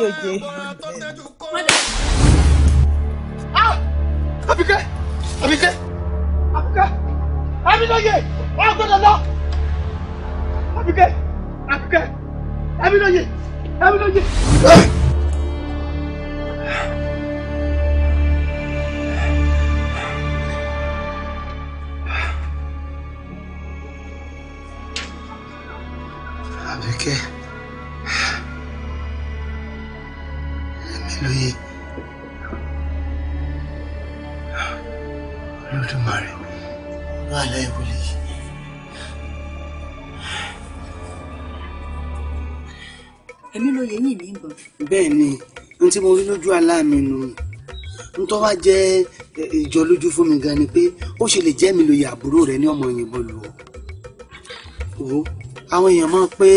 姐姐。tí mo rí lójú àlá mi nù n tó wá jẹ́ ìjọ lójú fún mi gan ni pé ó ṣe lè jẹ́ mi lóye àbúrò rẹ ní ọmọ òyìnbó lù ọ́ wò àwọn èèyàn mọ̀ pé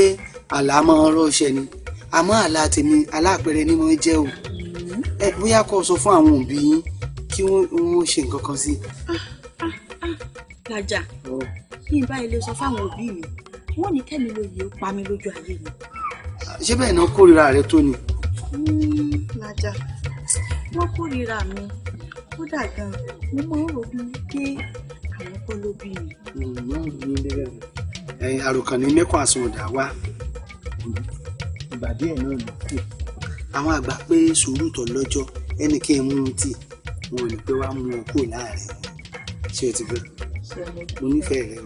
àlá máa ń rọ́ṣẹ́ ni àmọ́ àlá tèmi aláàpẹrẹ ni mo jẹ́ o ẹ bóyá kó o sọ fún àwọn òbí yín kí wọ́n ṣe nǹkan kan sí. Ah, ah, ah, gàjà kí n bá ilé sọ fáwọn òbí mi wọ́n ní kẹ́mi lóye ó pa mí lójú ayé mi. ṣé bẹ́ẹ̀ náà kórìíra rẹ tó ni lájà wọ́n kórìíra mi kódà gan mo máa ń rògbò pé àwọn kọ́ ló bí mi. ẹyin àròkàn ní nẹ́kọ̀ àsùnwọ̀dà wa ìbàdí ẹ̀ náà ló kù àwọn àgbà pé sùúrù tó lọ́jọ́ ẹnì kí n mú un tì wọn ò ní pé wàá mú un kù láàrin ṣé o ti gbọ́ mo nífẹ̀ẹ́ rẹ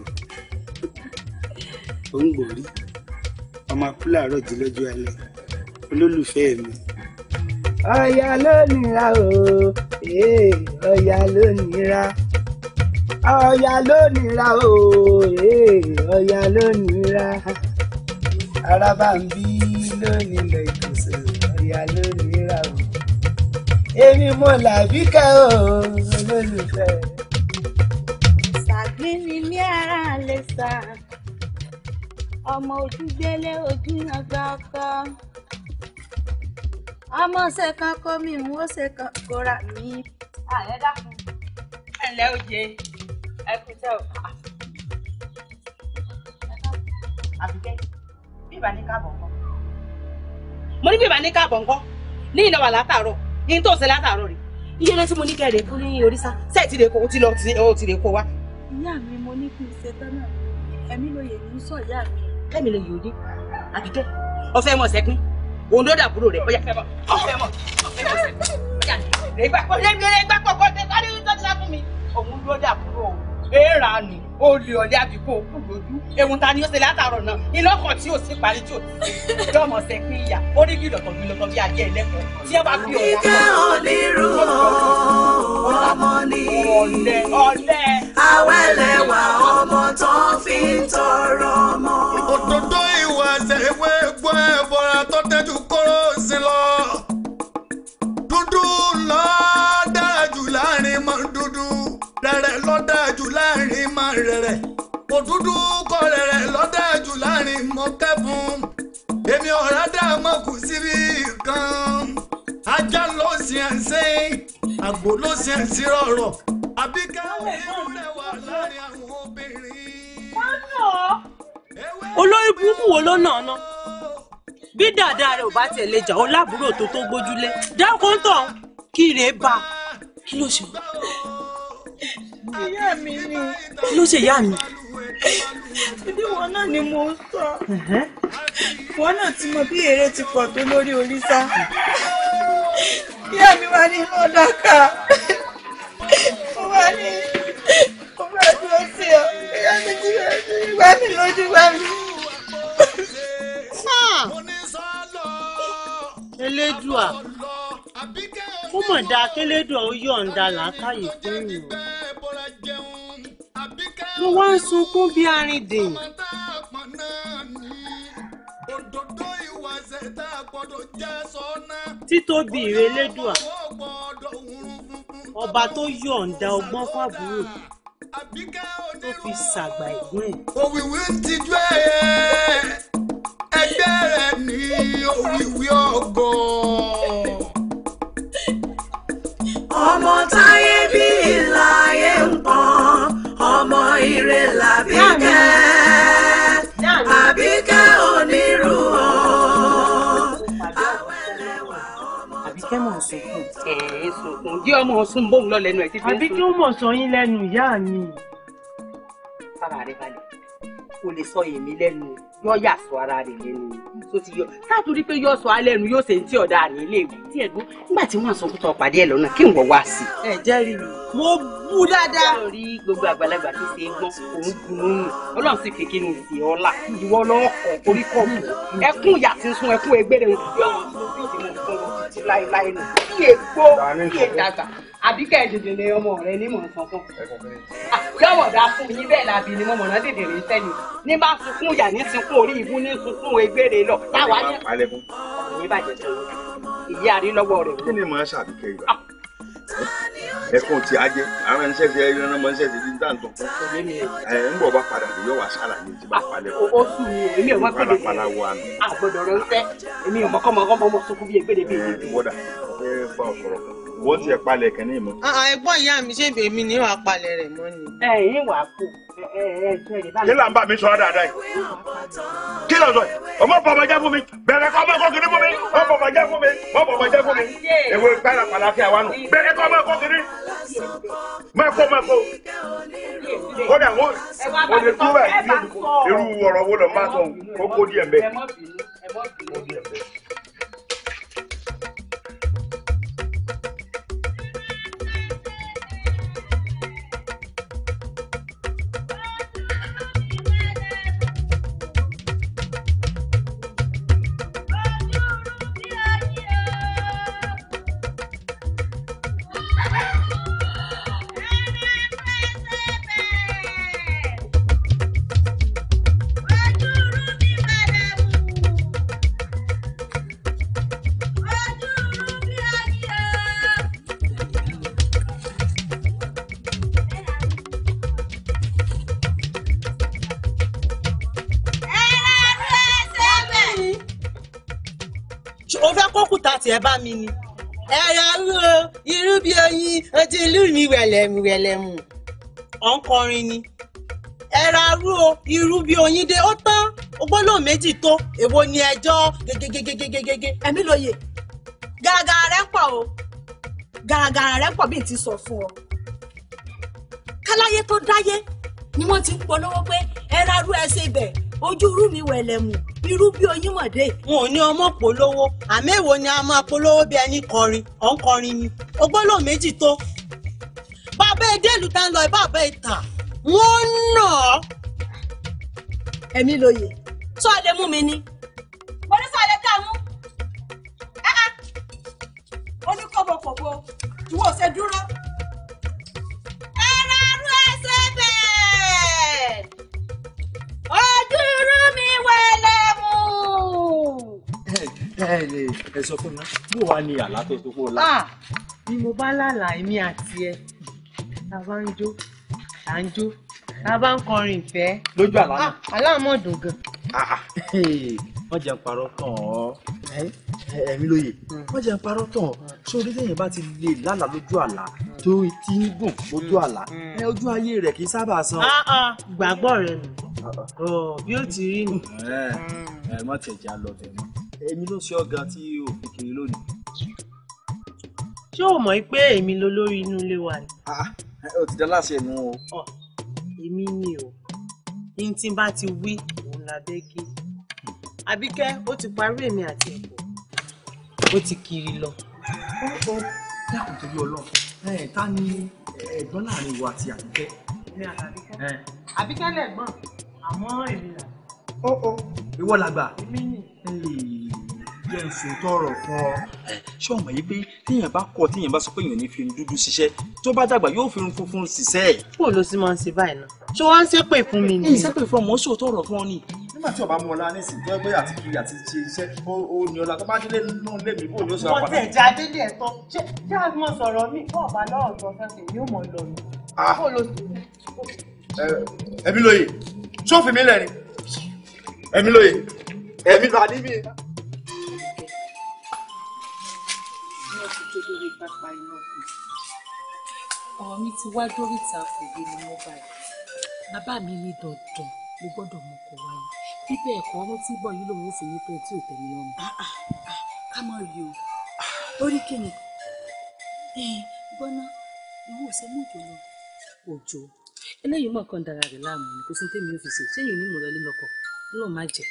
o ò ń gbòórí ọmọ akúlàárọ̀ jí lọ́jọ́ alẹ́ olólùfẹ́ mi. ọ̀yà lónìra o ọ̀yà lónìra ọ̀yà lónìra o ọ̀yà lónìra araba ń bí lónìlẹ̀ ìgbọ̀nsẹ̀ ọ̀yà lónìra o. èmi mo làbíkẹ́ o olólùfẹ́. sàgbé ni mí ara lè sà ọmọ ojúgbélé ojú yan gbá ọkọ ọmọ ṣe kan kó mi n ó ṣe kan kóra mi. ẹ dákun ẹ ǹlẹ́ òye ẹ kú tẹ́ ò àbíkẹ́ bí ìbá ní káàbọ̀ ńkọ́. mo ní bí ìbá ní káàbọ̀ ńkọ́ ní ìnáwó látàárọ̀ yín tó ṣe látàárọ̀ rẹ̀ iye lọ́sí mo ní kẹ́ kú ní oríṣà sẹ́ẹ̀tì rẹ̀ kó o ti lọ o ti rẹ̀ kó wa. ìyá mi mo ní kí n ṣe tán náà ẹ̀mí lóye ń sọ ìyá mi. kẹ́mi lè yòó dé àbíkẹ́ ọ̀fẹ́ mọ̀ sẹ́pin òun ló dàbúrò rẹ̀ bóyá. ọ̀fẹ́ mọ̀ ọ̀fẹ́ mọ̀ sẹ́yìn bóyá ìgbàpọ̀ ìgbàpọ̀ kọ́ tẹ sáré tó ti sá fún mi òun ló dàbúrò o èèrà ni ó lè ọ̀lẹ́ àbíkó òkú lójú ewu ta ni ó ṣe látàrọ̀ náà ìlọ́kọ̀ tí ò sí parí tí ò sí dọ́mọ̀ ṣe pé ìyá ó rí kí ìlọ̀tọ̀ mi lọ́tọ̀ bí ajé ẹlẹ́kọ̀ọ́ tí ẹ bá fi ọ̀la. ìjà onírú ọmọ ni àwẹ̀lẹ̀wà ọmọ tó fi ń tọrọ láàrin rẹ̀rẹ̀ kò dúdú kọ rẹ̀rẹ̀ lọ́dà jù láàrin mọ́kẹ́ fún èmi ọ̀rá dá mọ́ kù síbi kan ajá ló sì ń ṣe àgbò ló sì ń ṣe rọ̀rọ̀ àbíkẹ́ òun lẹ́wà láàrin àwọn obìnrin. olórí burúkú wo ló nà ọ́ bí dáadáa rẹ ò bá tiẹ̀ lè jà ó láàbúrò tó tó gbójúlé dákúntàn kí rèé bá kí ló ṣe ìyá mi ni. ló ṣe ìyá mi. ibi wọn náà ni mo ń sọ. wọn náà ti mọ bí èrè ti pọ̀ tó lórí oríṣà. ìyá mi wá ní mọ́dákà. mo wá ní mo bá dúró sí ọ. ìyá mi ti gbá mi lójú gbá mi. Elédùà ó mọ̀ dá akẹ́lẹ́dọ̀ ó yọ̀ǹda làákàyè fún ìrìn mo wá ń sunkún bí arìndè. títóbi ìrẹ́lẹ́dùà ọba tó yọ̀ǹda ọgbọ́n fàbúrò tó fi ṣàgbà ẹ̀gbọ́n ẹ̀. òwìwí ti jọ ẹyẹ ẹgbẹ́ rẹ̀ ní òwìwí ọgọ́ ọmọ táyé bí ìlàyé nǹkan ọmọ ire làbíkẹ́ àbíkẹ́ onírú ọ̀ àbíkẹ́ mọ̀ sunkún. ẹ ẹ sunkún jí ọmọ sun bóun lọ lẹ́nu sọ yín lẹ́nu ìyá mi. bàbá rẹ balẹ̀ kò lè sọ èmi lẹ́nu o yọ yà sọ ara rẹ̀ lẹ́nu tó ti yọ sáàtúrí pé yọ sọ alẹ́ nu yóò ṣe tí ọ̀dà ní ilé ìwé tí ẹ̀ gbọ́n nígbà tí wọ́n sọ kútọ́ pàdé ẹ̀ lọ́nà kí n wọ̀ wá sí. ẹ jẹ́rìí mi mo bú dáadáa. lórí gbogbo àgbàlagbà tó ṣe é gbọ́n òun gun òun ọlọ́run sì fi kíni sí ọ la ìwọ lọ́kọ̀ orí kọ̀ mọ́ ẹkún yà ti sún ẹkún ẹgbẹ́rẹ́ òun yóò àbíkẹ́ ìdèdèrè ọmọ rẹ ní mọ̀ sàn fún. yọ̀wọ̀ fún yín bẹ́ẹ̀ làbí ni mo mọ̀nà dèdèrè sẹ́yìn ní bá sunkún yà ní sunkún orí ìbú ní sunkún egbére lọ táwa ní. ní bàjẹ́ tó ìyá àrílọ́wọ́ rẹ̀. kí ni màá ṣàbíkẹ́ ìgbà ah! ẹkún ti ajẹ àwọn ẹnṣẹ ti ẹyọ náà mọṣẹ ti di ní tàǹtọ. ń bọ̀ bá padà bí yóò wá ṣàlàyé tí bá ah! palẹ̀. o sùn mi ò wọ́n ti ẹ̀ palẹ̀ kàn ní ìmọ̀. Ah, ah, ẹ̀gbọ́n ìyá mi ṣe bèmí ni wàá palẹ̀ rẹ̀ mọ́ ni. ẹ ẹ wà á kú ẹ ẹ ṣe lè bá mi. kí là ń bá mi sọ dáadáa yìí kí lọ sọ yìí ọmọ bàbá jẹ fún mi bẹ̀rẹ̀ kọ ọmọ kọkiri fún mi ọmọ bàbá jẹ fún mi ọmọ bàbá jẹ fún mi èwo ìpẹ́rẹ́ pàlàkì àwa nù bẹ̀rẹ̀ kọ ọmọ kọkiri mẹ́kọ mẹ́kọ kódà wọn ò lè tú bẹ́ẹ̀ irú ọ̀rọ̀ wo lọ́ọ́ máa sọ kókó díẹ̀ bẹ́ẹ̀. lẹ bá mi ni. ẹ ra wú o irú bí oyin ojú ìlú mi wẹ̀lẹ̀mù wẹ̀lẹ̀mù ọ̀nkọrin ni. ẹ ra wú o irú bí oyin dé ó tán ogbólóò méjì tó èwo ni ẹjọ́ gégégégégégégé. ẹ̀mí lóye gàràgàrà rẹ pọ̀ o gàràgàrà rẹ pọ̀ bí n ti sọ fún ọ káláyé tó dáyé ni wọ́n ti ń polówó pé ẹ ra ẹ ṣe bẹ́ẹ̀ ojú irú mi wẹ̀lẹ̀mù irú bí oyin mọ̀dé. wọn ò ní ọmọ polówó àmọ́ èwo ni a máa polówó bí ẹni kọrin ọ̀nkọrin ni ogbólò méjì tó bàbá edélu tá ń lọ bàbá ìta wọn nà ọ. ẹ̀mí lóye tó a lè mú mi ni. mo ní sáré ká mú ó ní kọ́bọ̀kọ̀bọ̀ ìwọ ṣe dúró. ẹ arú ẹsẹ̀ bẹ́ẹ̀ wẹ́lẹ́mù. ẹ sọ fún mi bó wàá ní àlá tó tó kó la. Ah, bí mo bá lálà èmi àti ẹ ta bá ń jó ta ń jó ta bá ń kọrin ìfẹ́. lójú àlá náà. aláàmọ̀dùn ah, gan. Ah, wọ́n jẹ́ parọ́ tán ọ́ ẹ̀mí lóye wọ́n jẹ́ parọ́ tán ṣé orí lẹ́yìn bá ti lè lálàá lójú àlá tó ti ń gùn lójú àlá mm, mm. ẹ ojú ayé rẹ̀ kì í sábà san. gbàgbọ́ rẹ nù bí ó ti rí ni. ẹ má tẹ̀jà lọ bẹ̀ mọ́ èmi ló ṣe ọ̀gá tí o fi kiri lónìí. ṣé o mọ̀ pé èmi ló lórí inú ilé wa ni. Ah, o ti dá láṣẹ nu o. èmi ni o ní tí n bá ti wí òun lábẹ́ gé Àbíkẹ́ ó ti parí èmi àti ẹ̀kọ́ ó ti kiri lọ. dákun torí Ọlọ́run ta ni ẹ̀gbọ́n láàrin ìwà àti Àbíkẹ́. Àbíkẹ́ lẹ̀gbọ́n àmọ́ èmi là. ó ó ìwọ làgbà. èmi nì. jẹ́ n sùn tọrọ fún ọ. ṣé o mọ̀ yìí pé téèyàn bá kọ téèyàn bá sọ pé èèyàn ní fi dúdú ṣiṣẹ́ tó bá dàgbà yóò fi funfun ṣiṣẹ́. kó ló sì máa ń ṣe báyìí náà ṣé wọ́n ń ṣépè fún mi ni. ìṣépè fún ọmọ ṣòó tọrọ fún ọ ni nígbà tí ọba mọlá nísìn tó gbé àti kiri àti ṣe iṣẹ́ ó ní ọlá tó bá délé nínú ilé mi bó ló sọ àpàdé. mo tẹ̀ jáde díẹ̀ tán ṣé ṣé àgbọn sọ̀rọ̀ mi fún ọba lọ́rọ̀ tó fẹ́ kì yóò mọ̀ lọ mi. ẹbí lóye ṣọ́ọ̀fù mi lẹ́ni ẹ̀mí lóye ẹ̀mí bá níbí. ọ̀rọ̀ mi ti wá dórí ìta òwe ni mo bá yìí bàbá mi ní dandan mo gbọ́dọ̀ mọ ọkọ̀ wáyé bíbẹ̀ ẹ̀kọ́ ọmọ tí bọ̀ yìí lòun ò fi ní pé tí ò tẹ̀lé lọ́rùn. Ah, ah, ah, ká mọ̀ rí o torí kìnnì eh, gbọ́ná ìwọ ò ṣe mú òjò lọ òjò eléyìí mọ̀ kàn dára rẹ̀ láàmú ni kò sí tèmi ò fi ṣe ṣé èyí ni mo lọlé lọkọ̀ lọ́ọ̀ má jẹ.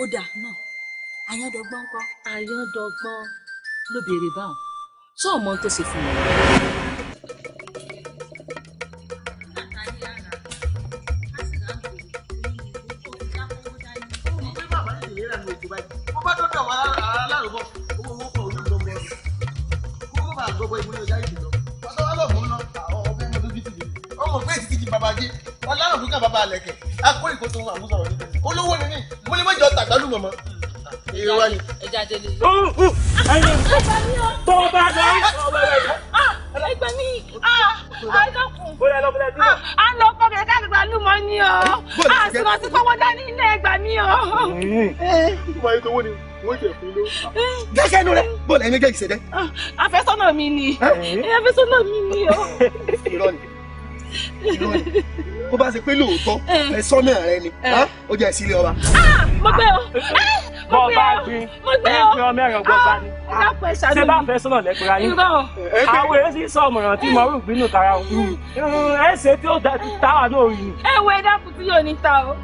ó dà náà àyándọgbọ́n kọ́. àyándọgbọ́n ló béèrè báwọn sọ ọmọ tó ṣe fún mi. ká bàbá àlẹ̀kẹ̀ akóyè kó tó àwọn sọ̀rọ̀ nípa olówó ni mí mo lè má jọ tàgbálù mọ̀mọ́. èrò wa ni. ẹja délé. ẹgbẹ́ mi o. tó o bá lọ. ẹgbẹ́ mi àádọ́kùn. Ah, bóyá lọ bóyá dúró. Ah, a lọ kọ́ bẹ̀rẹ̀ ká gbà lù mọ́ ni o. a sì mọ̀ sí pọ́wọ́ dání ilé ẹgbà mi o. ìgbà yìí tó wó ni wọ́n jẹ fún ló. gẹ́gẹ́ inú rẹ̀ bọ́ọ̀lù ẹ̀yin gẹ́gẹ́ ìṣẹ̀dẹ́. Ah, àfẹ́sọ́nà mi ni eh? àfẹ́sọ́nà mi ni o. irọ́ ni ni bó bá ṣe pé lóòótọ́ mm. ẹ sọ́nà rẹ ni mm. ah, ó jẹ́ ìsílẹ̀ ọba. Ah, mo gbé o eh, ah, mo gbé o mo gbé o ẹgbẹ́ ọmọ ẹ̀rọ gbọ́dá ni ṣé bá fẹ́ sọ́nà lẹ́kùnrin ayé eh, àwọn èyí sì sọ ọmọràn tí mo rú ìbínú tara o mm. ẹ ṣe tí ó táwa náà rí ni. ẹ wo ẹ dákun tí yóò ní ta o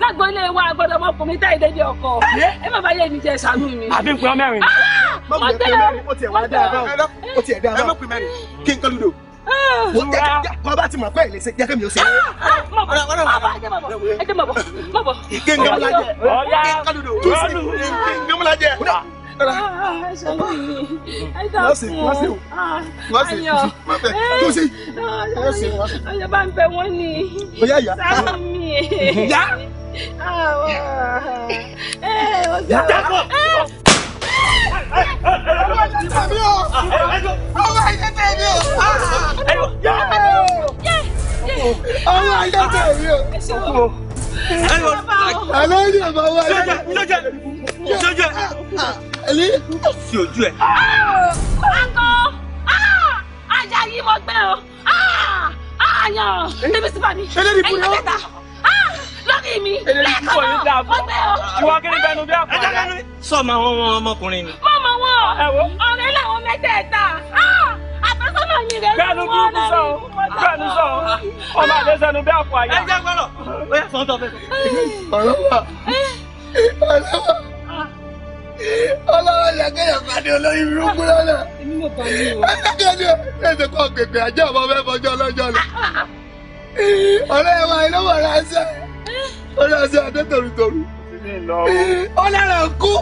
lágbo ilé wa gbọ́dọ̀ ọmọkùnrin tá ìdẹjẹ ọkọ eh? ẹ má bàa yé mi jẹ ṣàánú mi. àbí nǹkan mẹ́rin. mo gbé o mo tiẹ̀ wá dáadáa o mo tiẹ̀ dáadáa ẹ má pè mẹ́rin kí n kọ́ lùdò wò jẹ́ kí wọ́n ah. bá ti mọ̀ pé ìlẹ̀sẹ̀ jẹ́ kémi ó ṣe. Ah, ah, má bọ̀ má bọ̀ ẹjẹ má bọ̀ ẹjẹ má bọ̀ má bọ̀. kéńgé múlá jẹ kéńgé lulu túsí kéńgé múlá jẹ. Lọ́sì lọ́sì o lọ́sì túsí lọ́sì lọ́sì. Ọyọ bá ń bẹ wọ́n ní sáà mi. Yá. Yá. Yá tèmi o ọmọ o ọmọ ayé tèmi o. Àlọ́ yìí ọmọ wa yẹn. Sọ́jà sọ́jà o lórí mi lẹ́ẹ̀kan náà ó gbé o. ìwọ kí ni bẹnu bí àpò àyà. sọmọ àwọn ọmọ ọmọkùnrin ni. mọ̀mọ́ wọn ọ̀rẹ́ làwọn mẹ́tẹ̀ẹ̀ta ah! àfẹ́sọ́nà yìí rẹ̀ ló mú wọn lọ. bẹ́ẹ̀ni sọ ọmọ àdẹ́sẹ́nu bí àpò àyà. ẹ jẹ́ gbọ́dọ̀ ó yẹ sọ́ńtọ́ fẹ́. Eh. ọ̀rọ̀ wà ọ̀rọ̀ eh. wà ọlọ́wọ́ ni akẹ́yọ̀ pàdé olórí burúkú lọ́nà. Ah, akẹ́kẹ́ ni ẹ̀sẹ̀ kọ́ gbègbè àjẹ́ ọmọ fẹ́ fọjọ́ lọ́jọ́ lọ. Ah, ọ̀rẹ́ ẹ̀ máa ń lọ́wọ́ ránṣẹ́ ó lọ sí adé torutoru ó lára kú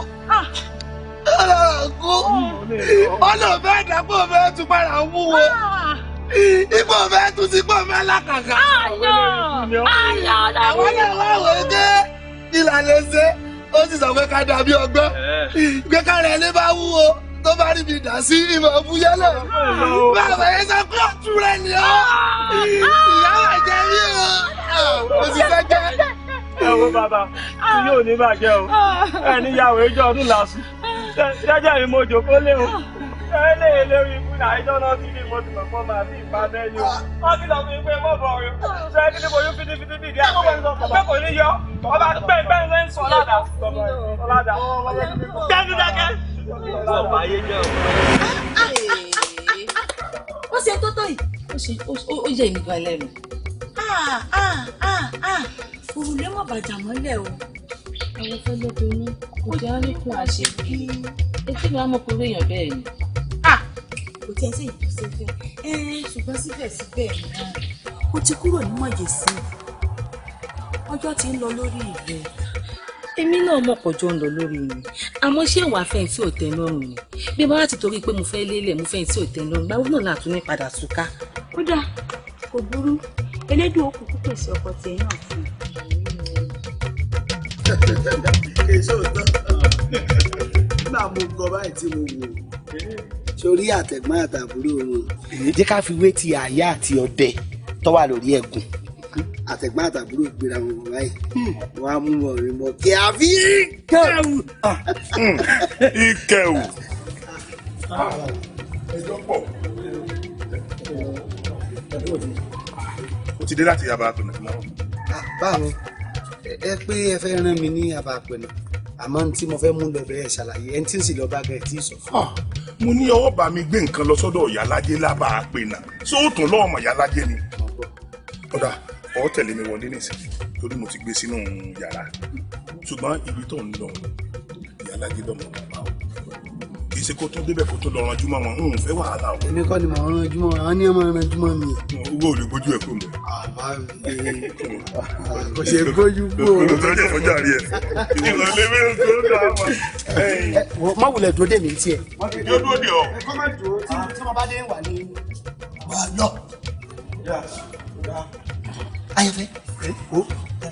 ó lára kú ó lọ fẹ́ dàpọ̀ fẹ́ tún padà mú wo ipò fẹ́ tún sí pò fẹ́ làkàkà àwọn náà wà wò ó dé ìlànà ṣe ó sì sọ pé ká dàbí ọgbọ́n pé ká rẹ̀ ní bá wúwo tó bá rí mi sí ìmọ̀ òbúyẹ́ náà bàbá yẹn sọ pé ọ̀tún rẹ̀ ni ọ́ ìyá wà jẹ́ rí o òṣìṣẹ́ jẹ́ ẹ wo bàbá mi yóò ní bàjẹ́ o ẹ níyàwó ẹjọ́ ọdún làásù jẹ́jẹ́ mi mo jòkó lé o ẹ lè e léwu ikú náà ẹjọ́ náà ti ní mo ti mọ̀ pọ́ màá sí ìpàdé ni o wọ́n kí lọ fún mi pé bọ̀ ọ̀rọ̀ ṣe é kí mo yún fídífídí bí ìdí àgbẹ̀ pé kò ní yọ ọba pẹ́ pẹ́ ń sọ ọ̀làdà ọ̀làdà dákúdákẹ́. ọba ó ṣe tó tó yìí ó ṣe ó yẹ ìmìgbà lẹ́nu òrùlé mọ̀ bàjà mọ́lẹ̀ o. àwọn fẹ́lẹ́ tó ní kò jẹ́ wọn nípò àṣẹ kí etí mi á mọ̀ pé èèyàn bẹ́ẹ̀ ni. kò tí ẹ sì yìí tó ṣe fẹ́ ṣùgbọ́n síbẹ̀síbẹ̀ náà ó ti kúrò ní mọ̀jẹ̀sí ọjọ́ ti ń lọ lórí ìrẹ́ èmi náà mọ̀ pọ̀ jọ ń lọ lórí mi àmọ́ ṣé ìwà fẹ́ǹsì ò tẹ́ lọ́rùn ni bí bá ti torí pé mo fẹ́ lélẹ̀ mo fẹ́ǹsì ò tẹ́ lọ́rùn náà làtún ní padà túká. ó dáa kò burú elédùn ó kúkú pèsè ọkọ tẹ náà fún un. èso tán nígbà mo gbọ́ báyìí tí mo wò sórí àtẹ̀gbọ́n àtàbúrò wọn. jẹ́ ká fi wé ti àyà àti ọdẹ tó wà lórí ẹ̀gùn àtẹ̀gbọ́n àtàbúrò gbéra wọn báyìí wọn á mú wọn rí mọ kí a fi kẹwù. Ah. Hmm. ìkẹwù. Ah. Ah. ẹjọ́ pọ̀ o ti dé láti yaba apẹ̀nà tí mo rọ. Ah, báwo ẹ pé ẹ fẹ́ rán mi ní yaba apẹ̀nà àmọ́ tí mo fẹ́ mú lọ bẹ̀rẹ̀ ṣàlàyé ẹni tí ń sì lọ bá gẹ̀ tí ì sọ fún. Ah, mo ní ọwọ́ bá mi gbé nǹkan lọ sọ́dọ̀ ìyálàjẹ lába apẹ̀nà sóòtún lọ́ọ̀mọ ìyálàjẹ ni. ọ̀dà ọ̀ tẹ̀lé mi wọlé nísìnyí torí mo ti gbé sínú yàrá ṣùgbọ́n ibi tó ń lọ ìyálàjẹ lọ́mọ náà ṣe kó tún débẹ̀ kó tó lọ ranjú mọ́ wọn ń fẹ́ wàhálà o. èmi kọ́ ni mò ń ranjú mọ́ wọn ní ọmọ ranjú mọ́ mi. owó ò lè bójú ẹ̀ kó mi. àbá mi kò ṣe bójú kó. kò tó jẹ́ fọjá rí ẹ. ìrọ̀lẹ́ mi ò tó dá wa. má wulẹ̀ dúró dé mi tiẹ̀. yóò dúró dé ọ. ẹ kọ́ máa dúró tí mo bá dé wà ní. wà á lọ.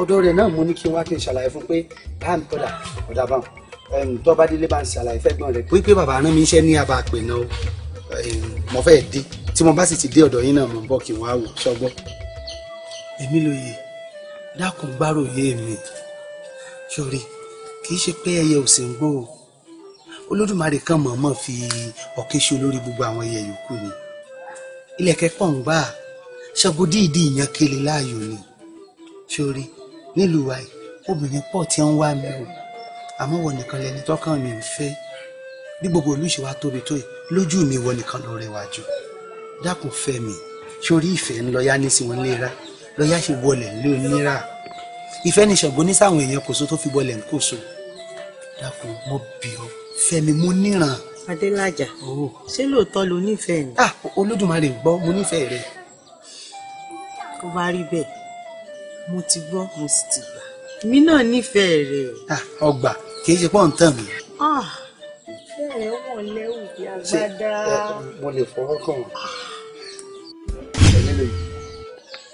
ọ̀dọ̀ rẹ̀ náà mo ní kí n wá kí n ṣàlàyé fún pé bá mi kọ́dà ọ̀dà bá wọn tó bá délé bá ń ṣàlàyé fẹ́gbọ́n rẹ̀ pé bàbá rán mi iṣẹ́ ní abà pè náà mo fẹ́ dé tí mo bá sì ti dé ọ̀dọ̀ yín náà mo ń bọ̀ kí n wá wò ṣọgbọ́. èmi lóye dákun gbáròyé mi sórí kì í ṣe pé ẹyẹ ò sì ń gbó o olódùmarè kan mọ̀ọ́mọ̀ fi ọ̀kẹ́ṣe olórí gbogbo àwọn ẹyẹ yòókù ni ilẹ̀kẹ́ pọ̀ ń gbà á ṣàgódì ìdí ìyàn kele láàyò ni sórí nílùú wa yìí obìnrin pọ̀ tí ń wá mi o àmọ́ wọ nìkan lẹni tọ́kàn mi ń fẹ́ bí gbogbo olùṣe wa tóbi tó yìí lójú mi wọ nìkan ló rẹwà jù dákun fẹ́ mi sórí ìfẹ́ ń lọ́yà ní sí wọn léra lọ́yà ṣe wọlé lé onírà ìfẹ́ ni ṣàgbọ́n ní sáwọn èèyàn kò so tó fi wọlé kò so dákun mo bì ọ́ fẹ́ mi mo níran. Adélájà oh. ṣé lóòótọ́ lo nífẹ̀ẹ́ ni. Ah, Olódùmarè gbọ́ mo nífẹ̀ẹ́ rẹ̀ tó bá rí bẹ́ẹ̀ mo ti gbọ́ mo sì ti gbà èmi náà nífẹ̀ẹ́ o ah, ọgbà kì í ṣe pọ́n tán mi. bẹ́ẹ̀ ah. wọ́n lẹ́wù bí agbádá. mo lè fọwọ́ kàn wọ́n.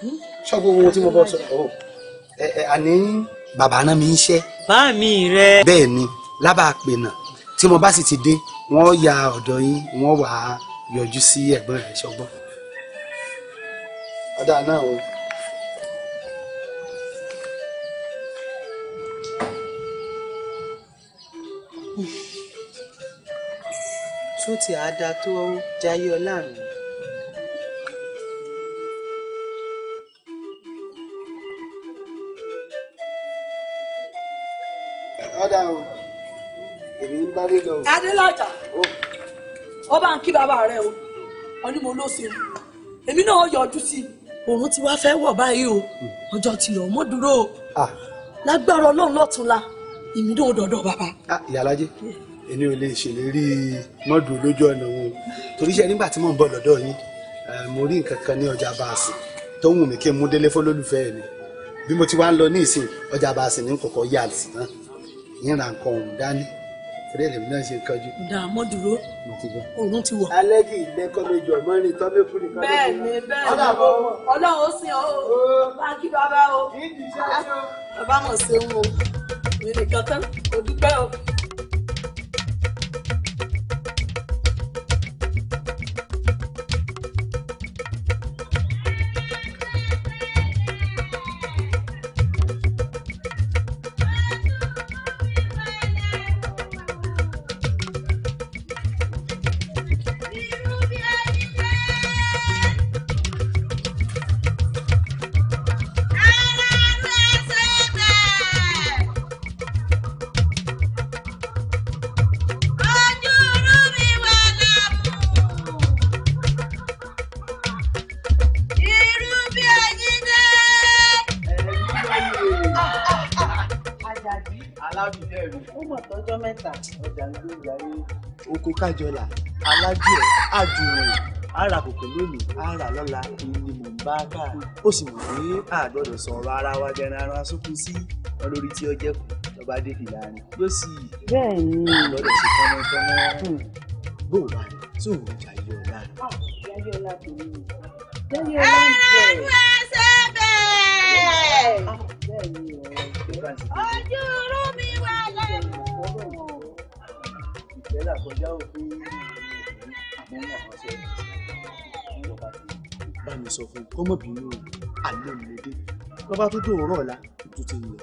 Hmm? ṣọ́ gbogbo ohun tí mo bọ́ sọ ọ́ oh. àní bàbá náà mi ń ṣe. bá mi rẹ. bẹ́ẹ̀ ni lábàá pènà tí mo bá sì ti dé wọ́n ya ọ̀dọ̀ yín wọ́n wàá yọjú sí ẹ̀gbọ́n rẹ̀ ṣọgbọ́n ada náà o. tó ti àádá tó jayé ọlá mi. ọ̀dà o èmi ń bárẹ̀ lọ. adélájà ọba ń kí bàbá rẹ o ọ ní mo lọ sí i èmi náà yọjú sí i òòrùn ti wá fẹ́ wọ̀ báyìí o ọjọ́ ti lọ mọ́ dúró o lágbára ọlọ́run lọ́túnla ìmúdó dọ̀dọ̀ bàbá. ìyálájẹ èmi ò lè ṣèlérí mọ́dù lójú ọ̀nà wọn torí ṣe nígbà tí mò ń bọ̀ lọ́dọ̀ yín mo rí nǹkan kan ní ọjà báàsì tó wù mí kí n mú délé fọlọ́lùfẹ́ mi bí mo ti wá ń lọ ní ìsìn ọjà báàsì ní kọ̀kọ́ yá àlìsí náà ìyẹn ra nǹkan ọ̀hún dání eré lèmi náà ṣe ń kájú. dààmú dúró oòrùn ti wọ̀. alẹ́ kì í lẹ́kọ́ méjì ọmọ ní tọ́lé fún nìkan. bẹ́ẹ̀ni bẹ́ẹ̀ni Ọlọ́run ó sin ọ o bá kí bàbá o bàbá mọ̀ ṣe ń wo ìrìnkàn tán kò dúpẹ́ o. mẹ́ta ọjà gbogbo ayé oko kájọlà alájẹ àjùwò ara kòkò lónìí ara lọ́la ìní mò ń bá kà ó sì mọ̀ pé àgbọ̀dọ̀ sọ̀rọ̀ ara wa jẹran ara sókun sí olórí tí ó jẹ́ kù lọ́ba débi láàrin yóò sì bẹ́ẹ̀ ni àgbọ̀dọ̀ sí tọ́mọtọ́mọ bó wà ní tí òun jà yí ọ̀la. ojú rú mi ìfẹ́ làkọjá òfin àmọ́ ní àkànṣe ìjọba tó bá mi sọ fún kọ́mọ̀bínú àlẹ́ òmìnirí lọ́ba tó dòwò rọ̀ ọ̀la tó ti yẹ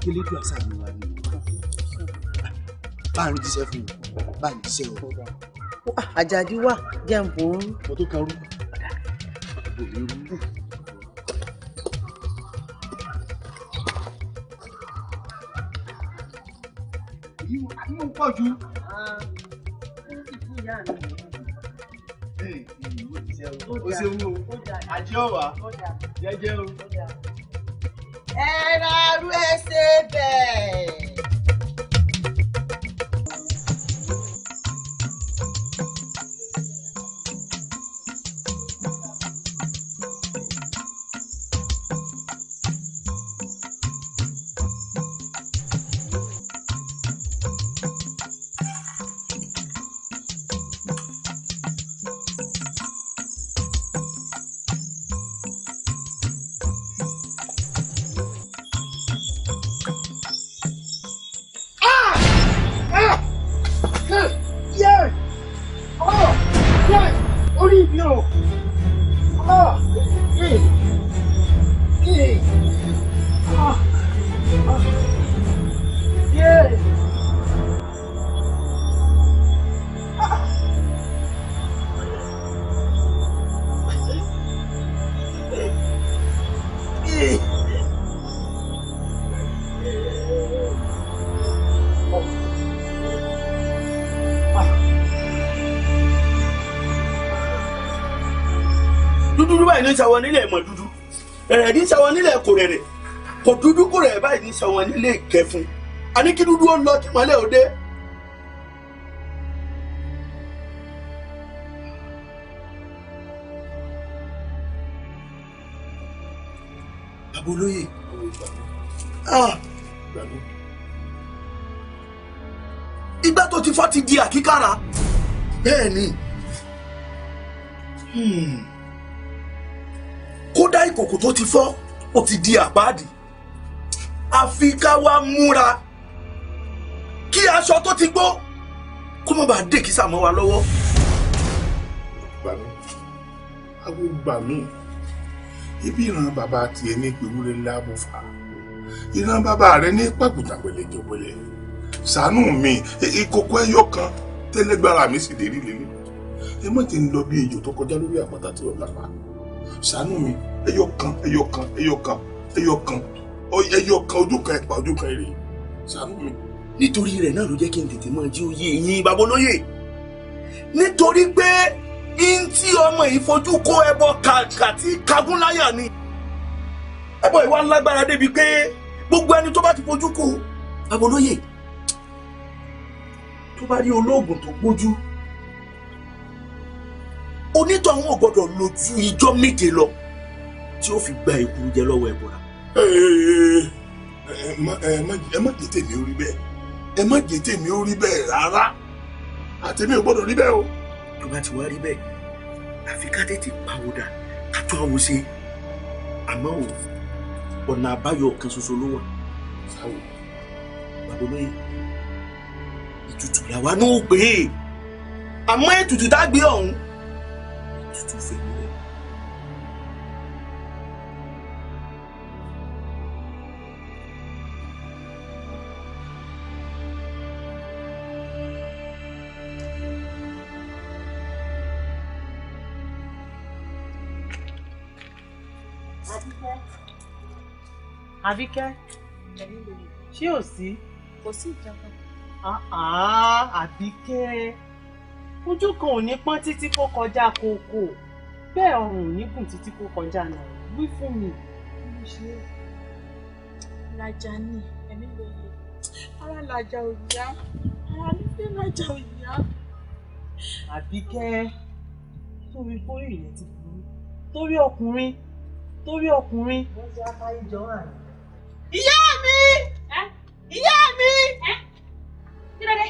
kílódé àṣà mi wà ní bá ń jíṣẹ́ fún mi bá ń jíṣẹ́ o. àjàdí wà jẹun bò ó. mo tó kan rú. àbí mo pọ̀ jù. o ah. ṣeun o àjẹ ọwà jẹ́jẹ́ o. ẹ arú ẹ bẹ́ẹ̀. ní sáwọn nílẹ̀ mọ̀ dúdú rẹ̀rẹ̀ ní sáwọn nílẹ̀ kò rẹ̀rẹ̀ kò dúdú kò rẹ̀ báyìí ní sáwọn nílẹ̀ kẹfun àní kí dúdú ó lọ kí mọ́lẹ̀ ó dé. abolóye ìgbà ah! tó ti fọ́ ti di àkíkàrà bẹ́ẹ̀ ni. Hmm kòkò tó ti fọ́ ó ti di àbáàdì àfi ká wá múra kí aṣọ tó ti gbó kó má bàa dèkísà mọ́ wa lọ́wọ́. gbà àwọn gbà ibi ìran bàbá tiẹ̀ ní ìpèwúrẹ́ láàbò fà á ìran bàbá rẹ ní pàkúta pẹ̀lẹ́jọpẹ̀lẹ́ ṣàánú mi ìkòkò ẹyọ kan tẹ́lẹ̀gbára mi sì dérí lélẹ̀ ẹ mọ̀ tí lọ bí ejò tó kọjá lórí àpáta tí ọ̀la pa ṣàánú mi ẹyọ kan ẹyọ kan ẹyọ kan ẹyọ kan ẹyọ kan ojú kan ẹ̀pà ojú kan èrè ṣàánú mi. nítorí rẹ̀ náà ló jẹ́ kí n tètè máa jí oyè yín babolóyè nítorí pé n tí ọmọ yìí fojú kó ẹbọ kàkà tí kagúnláyà ni ẹbọ ìwà lágbára débi pé gbogbo ẹni tó bá ti fojú kó babolóyè tó bá rí olóògùn tó gbójú onítọ̀ àwọn ò gbọ́dọ̀ lò ju ijọ́ méje lọ tí ó fi gba ìkúrú jẹ lọ́wọ́ ẹ̀bùrà. ẹ má jẹ tèmi ó rí bẹ́ẹ̀ ẹ má jẹ tèmi ó rí bẹ́ẹ̀ rárá àtẹ̀mí ò gbọ́dọ̀ rí bẹ́ẹ̀ o. tó bá ti wá rí bẹ́ẹ̀ àfi ká tètè pawọ́dà ká tó àwọn ṣe àmọ́ o ọ̀nà àbáyọ kan ṣoṣo ló wà. sáwọ bàbá olóyè ètùtù làwa náà ó pè é àmọ́ ètùtù tá a gbé ọ̀hún still saving them. Àbíkẹ́, ṣé ò sí? Kò sí ìjọba. Ah, ah, Àbíkẹ́ ojú kan ò ní pọ́n títí kó kọjá kòkó bẹ́ẹ̀ ọrùn ò ní gùn títí kó kọjá náà wí fún mi. lajà ni ẹ̀mí ló yẹ ara lajà ò yá ara nílé lajà ò yá. àbíkẹ́ torí bóyá ìyẹn ti burú torí ọkùnrin torí ọkùnrin. wọ́n ti apá ìjọ hàn. ìyá mi ìyá mi kí ló dé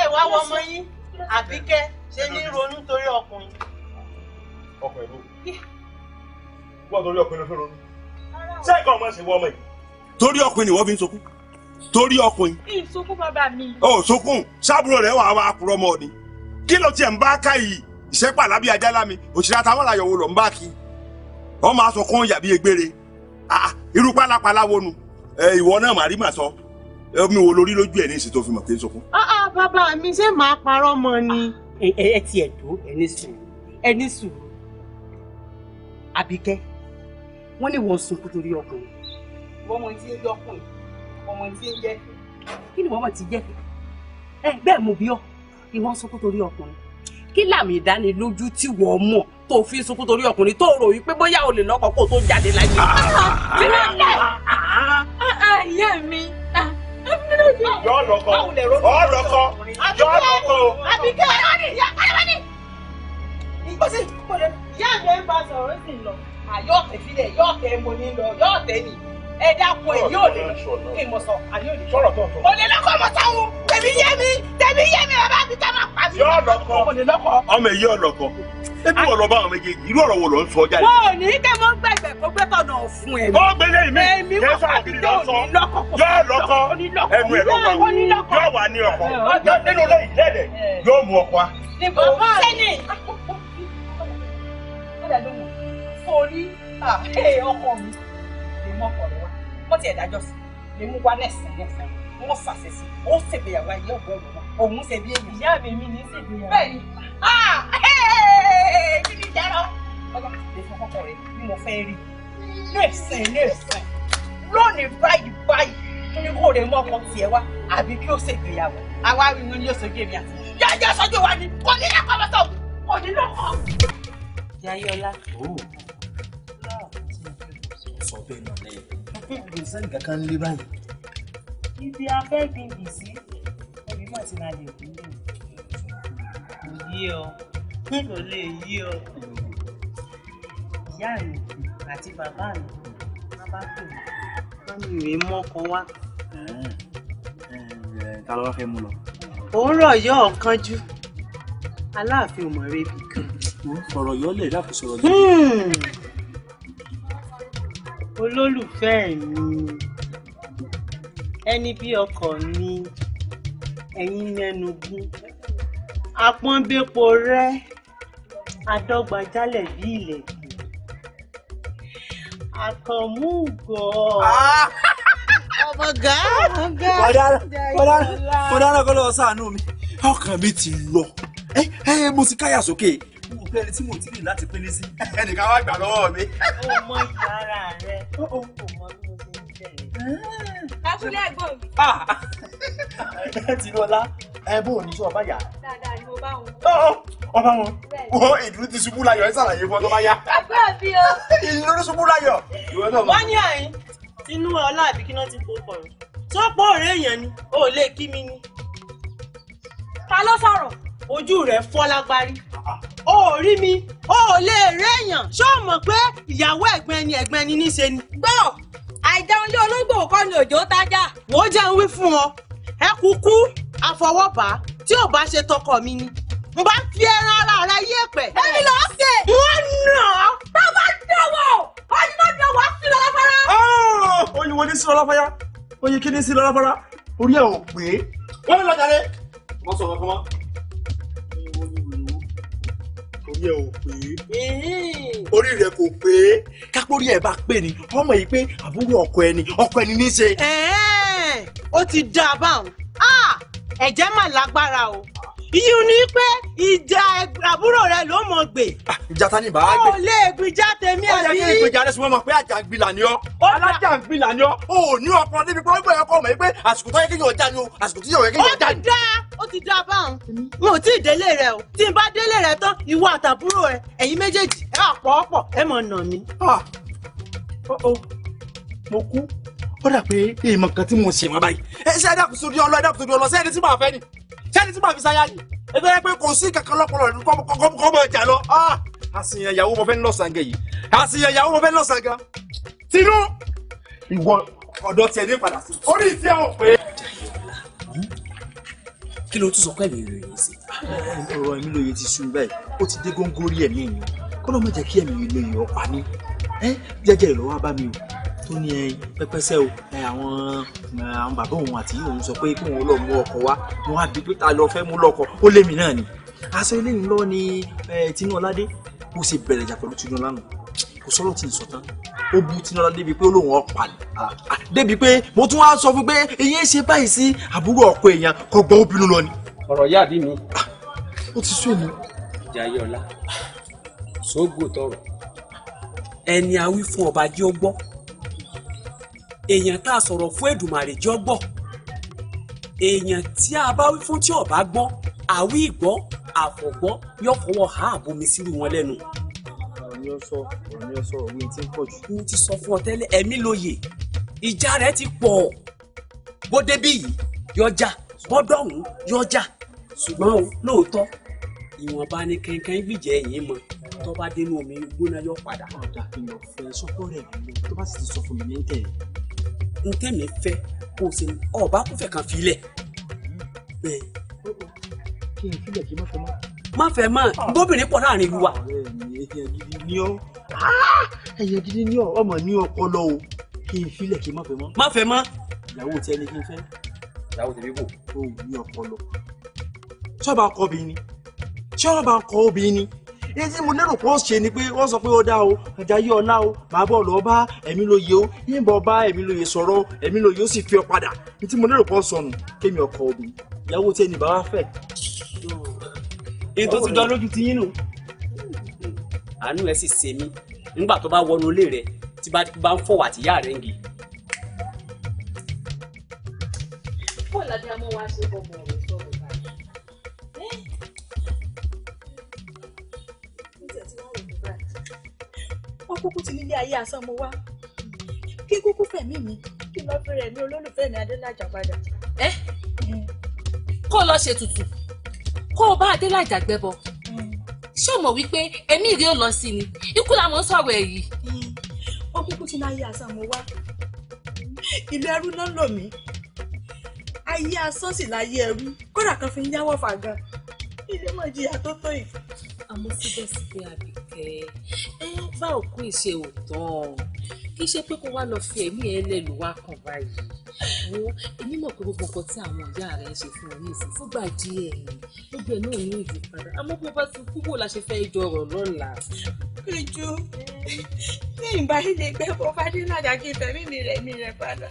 ẹ wá wọ ọmọ yín. Àbíkẹ́ ṣe ní ronú torí ọkùnrin. ọkùnrin ló wọ́n torí ọkùnrin ló fẹ́ ronú. ṣé nǹkan ọmọ ṣe wọ ọmọ yìí. torí ọkùnrin ni wọ́n fi ń sọkún torí ọkùnrin. kí n sọkún bàbá mi. ó sọkún sábúrò rẹ wà wá àpòrọ ọmọ ni kí ló tiẹ̀ ń bá ká yìí ìṣẹ́pà lábí ajá lámi òṣìṣẹ́ àtàwọn àyọ̀wò lọ ń bá kí wọ́n máa sọ kún yàbí egbére ah, irú pálapàla wonu ìwọ náà màrí màá sọ omi wo lórí lójú ẹ̀ ní ìsìn tó fi mọ̀ pé sọkún. bàbá mi ṣé màá parọ́ mọ́ ni. ẹ ti ẹ̀dọ́ ẹni sùúrù ẹni sùúrù àbíkẹ́ wọ́n ní wọ́n sunkún torí ọkùnrin. ọmọ tí ń yọkùnrin ọmọ tí ń yẹ kí ni wọ́n mọ̀ ti yẹ ẹ bẹ́ẹ̀ mo bí ọ ìwọ́n sunkún torí ọkùnrin kí làmì ìdánilójú tí wọ́n mọ̀ tó fi sunkún torí ọkùnrin tó rò wípé bóyá o lè lọ́kọ kó tó jáde láyé. ìyá mi yọ lọkọ ọ lọkọ yọ lọkọ o. àbíkẹ́ ọ̀rọ̀ ni ìyá ọ̀rọ̀ ni. ìgbésí ìyá mi ń bá sọ̀rọ̀ sí lọ àyọ̀tẹ̀ sílẹ̀ yọ̀tẹ̀ mo ní lọ yọ̀tẹ̀ nì ẹ dákun èyí ò lè kí n mọ sọ àní ò lè sọ̀rọ̀ ọmọ táwọn tèmi yé mi tèmi yé mi bàbá mi tá máa pa sí. yóò ọmọ èyí ò ebi wọ bá àwọn méjèèjì irú ọ̀rọ̀ wo ló ń sọ jáde. wọn ò ní kẹ́ mọ́ gbẹgbẹ kó gbẹ tọ̀nà ọ̀fun ẹ̀. ó gbélé mi èmi wọn kọ́ ni tó ní lọ́kọ. ẹnu ẹ̀ lọ́kọ yóò wà ní ọkọ nínú lẹ́yìn lẹ́dẹ̀ yóò mú ọkọ wa. ní bàbá ọkọ mi wọ́n ti ẹ̀dájọ́ sí lè mú wá nẹ̀sán nẹ̀sán wọ́n fàṣẹ sí ó ṣègbéyàwó ayé ọ̀gbọ́n rẹ̀ òun ṣe bí èyí. ìyá mi mi ní ṣègbéyàwó. bẹ́ẹ̀ni kí ni ìjà rọ. ọjà fún ọkọ rẹ bí mo fẹ́ rí nẹ̀sán nẹ̀sán lónìí báyìí báyìí ní kò lè mú ọkọ tiẹ̀ wá àbí kí ó ṣègbéyàwó àwa rí wọn ní oṣooṣù èmi àti yájá sọjú wa ni kò ní ẹ̀kọ́ mọ́tò kò ní lọ́kọ́. Jayọ̀lá kò sẹ́ni kankan lé báyìí. ibi abẹ́gbìngbì sí ẹbí mọ̀ sí máa lè kú lò kò yé ọ kò lè yé ọ. ìyá mi àti bàbá mi wọ́n bá pè mí wọ́n ní ìwé mọ́kọ wá. ta ló wá fẹ́ mú lọ. òun yọ ọ̀kan jù aláàfin ò mọ̀ rẹ́bì kan. sọ̀rọ̀ yọ lè dáàbò sọ̀rọ̀ yọ. Hmm olólùfẹ́ mi ẹni bí ọkọ mi ẹ̀yin mẹ́nubún àpọ́nbépo rẹ́ adọ́gba jálẹ̀ bí ìlẹ̀kùn àkànmúgọ̀. Ah! ọmọgá ọmọgá kọdára kọdára kọlọ ṣàánú mi ọkàn mi ti lọ ẹ ẹ mo ti káyà sókè. Okay pé ẹni tí mo ti ní láti pélé sí ẹnìkan wá gbà lọ́wọ́ mi. o mọ ìyá ara rẹ o mọ bí mo ṣe ń tẹ̀lé. lábúlé ẹ̀gbọ́n mi. Ah! ẹ ti lọ́lá ẹ bó o ní sọ ọba yà. dáadáa ni mo bá wọn. ọba wọn wo ìdúró ti ṣubú layọ̀ ẹ ṣàlàyé fún ọ tó bá yá. àgbẹ̀ mi o. ìdúró ti ṣubú layọ̀. wọ́n ní àyín tinú ọlá àbí kí náà ti kó kọ̀ọ̀rọ̀ tó ọ̀rẹ́ èèyàn ni o lè kí mi ni. ta ló sọ̀rọ̀ ojú rẹ̀ fọ́ lágbárí ah, ah o ò rí mi o ò lè rẹ́yàn ṣé o mọ̀ pé ìyàwó ẹ̀gbẹ́ ni ẹ̀gbẹ́ ni níṣe ni. gbọ́ àìjẹun lé ológbò kọ́ ni òjò tájà. wò ó jẹun wí fún ọ ẹ kú kú àfọwọ́bá tí ò bá ṣe tọkọ mi ni n bá fi ẹran ara rẹ yé pẹ. èmi lọ sí. wọn nà á. bá a bá dọwọ olùwọdọ wà sí lọlọfara. olùwọdọ sí lọlọfara oye kí ni sí lọlọfara orí ẹ ò pé wọn lọ jàre. wọn sọ wọn fún wa orí ẹ ò pé orí rẹ kò pé kápórí ẹ bá pè ní ọmọ yìí pé àbúrò ọkọ ẹni ọkọ ẹni ní ó ti dá báwọn ah! ẹ̀jẹ̀ mà lágbára o iye ni ní pé ìjà àbúrò rẹ ló mọ̀ gbè. Ah, ìjà ta ni bàá gbé. o lè gbìjà tèmi àbí. ó yẹ kí ìgbìjà rẹ sọ ma pé àjàgbìlà ni ọ. alájàgbìlà ni ọ. o ò ní ọkọ níbi pé ó gbọ́dọ̀ kọ́ ọmọ yìí pé àsìkò tó yẹ kí yóò já ni o àsìkò tí yóò yẹ kí yóò já ni. ó ti dá ó ti dá báwọn. n ò tí ì délé rẹ o tí n bá délé rẹ tán ìwọ àtàbúrò rẹ ẹ̀yin méjèèjì ẹ àpọ̀ ọ̀pọ̀ ẹ mọ̀ nà mí. Ah. Oh, oh. mo kú ó dà pé èèmọ̀ kan tí mo ṣe wọn sẹ́ni tí màá fi sáyà yìí ẹgbẹ́ yẹn pé kò sí kankan lọ́pọ̀lọ́ rẹ̀ kọ́ mọ̀ ẹja lọ ah! àṣìyàn ìyàwó mo fẹ́ lọ́sàn-án yìí àṣìyàn ìyàwó mo fẹ́ lọ́sàn-án tinú ìwọ ọ̀dọ̀ tiẹ̀ ní padà sí orí ìtí ẹ̀ ò pé. kí ló tún sọ pé èmi ìròyìn sí. ọ̀rọ̀ èmi lóye ti sùn báyìí ó ti dé góńgó rí ẹ̀mí mi kọ́nà má jẹ́ kí ẹ̀mí lóye ọ̀pá ní jẹ́jẹ́ ìlọ́wọ́ bá mi o tó ní pẹpẹsẹ o àwọn àwọn bàbá òun àti òun sọ pé kóun lọ mú ọkọ wá wọn á bí ta lọ fẹ́ mú lọkọ ó lémi náà ni aṣọ eléyìí lọ ni tinú ọládé bó ṣe bẹ̀rẹ̀ jà pẹ̀lú tinú lánàá kò sọ̀rọ̀ tí ì sọ tán ó bu tinú ọlá débi pé ó lóun ọ̀pá ni débi pé mo tún wá sọ fún pé eyín ṣe báyìí sí àbúrò ọkọ èèyàn kò gbọ́ ó lọ ni. ọ̀rọ̀ yá àbí mi. ó ti sún mi. ìjà yọ̀ọ́lá sógò tọrọ ẹni awí fún ọba jẹ́ ó gbọ́ èèyàn tá a sọ̀rọ̀ fún Èdùmàrè jọ gbọ́ èèyàn tí a bá wí fún tí ò bá gbọ́ àwí ìgbọ́ àfọ̀gbọ́ yóò fọwọ́ ha àbomi sírù wọn lẹ́nu. èmi ò sọ èmi ò sọ òwe tí ń pọ̀ jù. mo ti sọ fún ọ tẹ́lẹ̀ ẹ̀mí lóye ìjà rẹ ti pọ̀ bó débí yìí yọjà bọ́dọ̀ ọ̀hún yọjà ṣùgbọ́n o lóòótọ́ ìwọ̀nba ni kankan gbìjẹ́ yìí mọ tó bá dénú omi gbóná yọ padà. ọ̀dà kìlọ̀ sọ́kọ́ rẹ̀ tó bá sì ti sọ fún mi ní tẹ̀lé n tẹ́mi fẹ́ kó o ṣe ní ọba kófẹ́ kan filẹ̀. kí n filẹ̀ kí n má fẹ́ mọ́. má fẹ́ mọ́ ah. bóbìnrin pọ̀ láàrin ìlú wa. Ah, ẹyẹ gidi ni ọ ah, ẹyẹ gidi ni ọ ọmọ ní ọpọlọ o kí n filẹ̀ kí n má fẹ́ mọ́. má fẹ́ mọ́. ìyàwó tí ẹni kí n fẹ́. ìyàwó tèmi kò. o ní ọpọlọ. sọ́ba ọkọ obìnrin sọ́ba ọkọ obìnrin èyí tí mo lérò pé ó ṣe ni pé wọ́n sọ pé ó dá o àjàyí ọlá o màá bọ̀ lọ bá ẹ̀mí lóye o yìnbọn bá ẹ̀mí lóye sọ̀rọ̀ ẹ̀mí lóye ó sì fi ọ padà ní tí mo lérò pé ó sọnù kémi ọkọ òbí ìyàwó tí ẹnì bá wá fẹ́. ètò ti dán lójú ti yín nù. àánú ẹ sì ṣe mí nígbà tó bá wọnú ilé rẹ tí bá ń fọwọ́ àtìyá rẹ ń gi. bọ́ọ̀lù adé amọ́wá ṣe bọ́ bọ̀ọ̀rọ̀ kúkú ti nílé ayé asán mo wá kí kúkú fẹ̀mí mi kí lọ fi rẹ̀ ní olólùfẹ́ mi adélájà padà. ẹ kó o lọ ṣètùtù kó o bá adélájà gbẹbọ ṣé o mọ̀ wípé ẹ̀mí ìrẹ́ ò lọ sí ni ikú làwọn sọ̀rọ̀ ẹ̀ yìí. ó kúkú ti ní ayé asán mo wá ìlú ẹrú ló lò mí ayé asán sì láyé ẹrú kódà kan fi ń yáwọ́ fàgàn ilé mọ̀ jìyà tó tó yìí àmọ́ síbẹ̀síbẹ̀ àbíkẹ́ ẹ bá òkú ìṣe òótọ́ kì í ṣe pé kó wá lọ fi ẹ̀mí ẹ lẹ́lu wá kàn báyìí wo èmi mọ̀ pé gbogbo nǹkan tí àwọn ìyá rẹ̀ ń ṣe fún ọ ní ìsìn fúngbà díẹ̀ ni gbogbo ẹ̀ náà ní ìdí padà àmọ́ bí wọ́n bá ti kú wò la ṣe fẹ́ jọ ọ̀rọ̀ lọ́la. ìjọ ní ìgbà ilé gbẹ bó bá dé náà dàgé ìfẹ́ mímì rẹ̀ mi rẹ̀ padà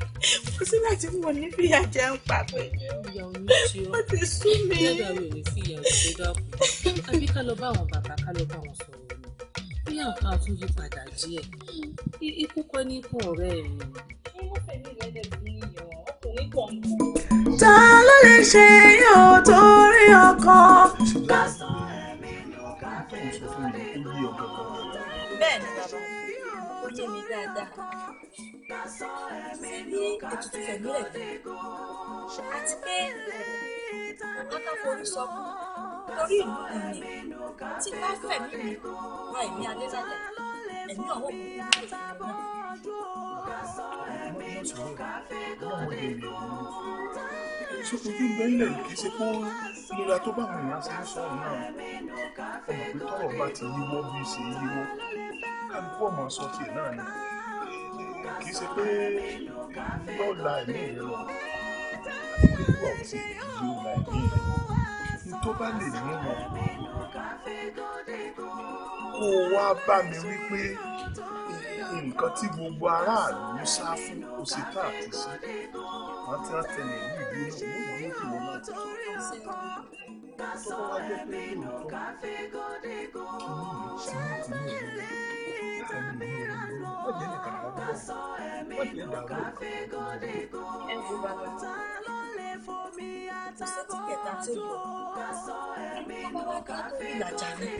kò sí láti mú un ní fìyà pàtó ìjọ ìyá oyún tí ó ti sú mi lẹ́dà mi ò ní sí ìyá oyún tó àbí ká lọ bá àwọn bàbá ká lọ bá wọn sọ̀rọ̀ ni bí àǹkà tún yí padà díẹ̀ ikú kọ́ ní ikú ọ̀rẹ́ mi. ta ló lè ṣe yóò torí ọkọ. yé mi dáadáa sí bí ètùtù fẹ̀mílẹ̀ fi àti pé akáfóri sọ fún torí ìlú mi tí bá fẹ̀mí mi wá ẹ̀mí adélálẹ̀ ẹ̀mí ọ̀wọ́ mi kò tó fẹ̀mí náà sọ fún bí bẹ́ẹ̀ lẹ̀ kì í ṣe kó nira tó bá àwọn èèyàn ṣe ń náà ọmọ pé tọ́rọ̀ bá ti yíwọ́ bí ó ṣe yíwọ́ kálukú ọmọ sọ tiẹ̀ náà ni kì í ṣe pé yóò la ẹ̀mí rẹ lọ àti pé wà yóò la ẹ̀mí rẹ ní tó bá lè mú wọn kó wá bá mi wí pé nǹkan tí gbogbo aráàlú ń sá fún òṣètò àti sí àwọn tí wọ́n tẹ̀lé ní ìlú náà wọ́n mọ̀ ní ìlú náà tó jẹ́ pé lóòótọ́ kí ní ìlú ní ti ní ìlú ọmọ ìlú ọmọ ìlú wọ́n jẹ́ ìdàgbọ́ wọ́n jẹ́ ìdàgbọ́ fomi àtàbọ̀ tó ká sọ ẹ̀mí nù káfí lọ́jà mi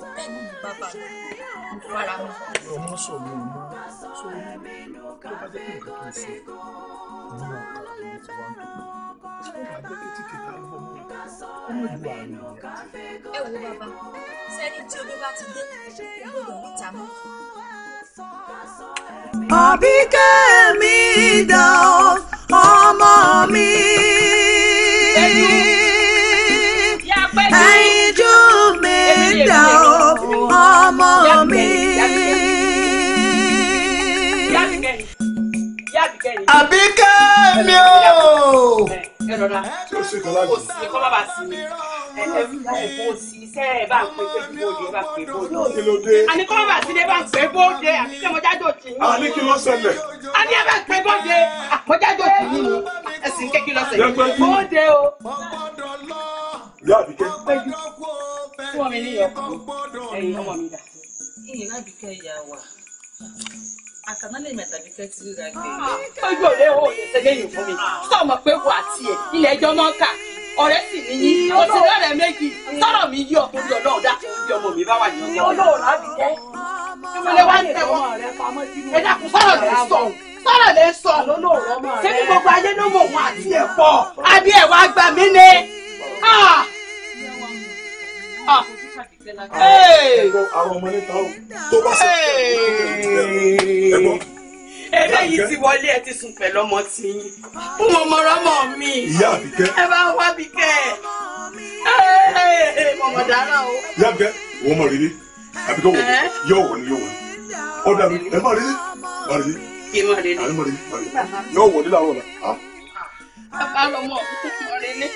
bẹ́ẹ̀ni bàbá mi fara mi. ọ̀rọ̀ mọ́ sọ mi ti wá ń tó tí wọ́n bá jẹ́ kí tí kìí mọ́ ọmọ ìlú àárín rẹ̀. ẹ wo bàbá sẹ́ni tí omi bá ti dé ìlú ìta mọ́. àbíkẹ́ mi dà ọmọ mi. ẹyinjú mi dà ó ọmọ mi. àbíkẹ́ mi o. ẹ rọra kò sí kọ́lá bá sí mi kí ló dé. àní kọ́ bá sílé bá ń pè bóde àti sẹ́ mo jájọ́ tì í. àní kí ló ṣẹlẹ̀. àní ẹ bá ń pè bóde mo jájọ́ tì í ni ẹ̀sìn kékeré ló ṣẹlẹ̀ bóde o. ìyá àbíkẹ́. péjú fún ọmọ mi ní ìyọkùn ẹ̀yìn ọmọ mi dà. ìyìn náà bíkẹ́ ìyá wa àkànálẹ̀ mi àtàbí fẹ́ ti rírà gbé. ọjọ́ òde wo ò lè ṣẹlẹ̀ yìí fún mi sọ ma pé wo àti ẹ̀ ilẹ̀ ẹjọ́ mọ́ kà ọ̀rẹ́ sì ní yín o ti méjì sọ̀rọ̀ mi yí ọkùnrin lọ lọ́ọ̀ dákun ọmọ mi bá wà ní ọgbọ́n. olóòrà bí jẹ́ ìmọ̀lẹ́ wa ń tẹ̀wọ́ ẹ dákun sọ̀rọ̀ lè sọ sọ̀rọ̀ lè sọ sẹ́ni gbogbo ayé ló mọ̀ wọn àti ẹ̀fọ́ adé ẹ̀ wá gbà mí ni. àwọn ọmọ níta ó tó bá sọ ẹgbẹ́ yìí ti wọlé ẹ ti sùn pẹ̀lú ọmọ tí yín fún ọmọ ọmọ mi ìyá àbíkẹ́ ẹ bá wá bíkẹ́ mọ̀mọ́ dára o. ìyá àbíkẹ́ wọ́n mọ̀ rírí àbíkẹ́ wọ̀ yóò wọ̀ ni yóò wọ̀ ni ọ̀dọ̀ àbí ẹ mọ̀ rírí mọ̀ rírí kì í mọ̀ rírí àbí mọ̀ rírí mọ̀ rírí ni làwọn ọ̀la. bàbá lọmọ mọ̀ rírí.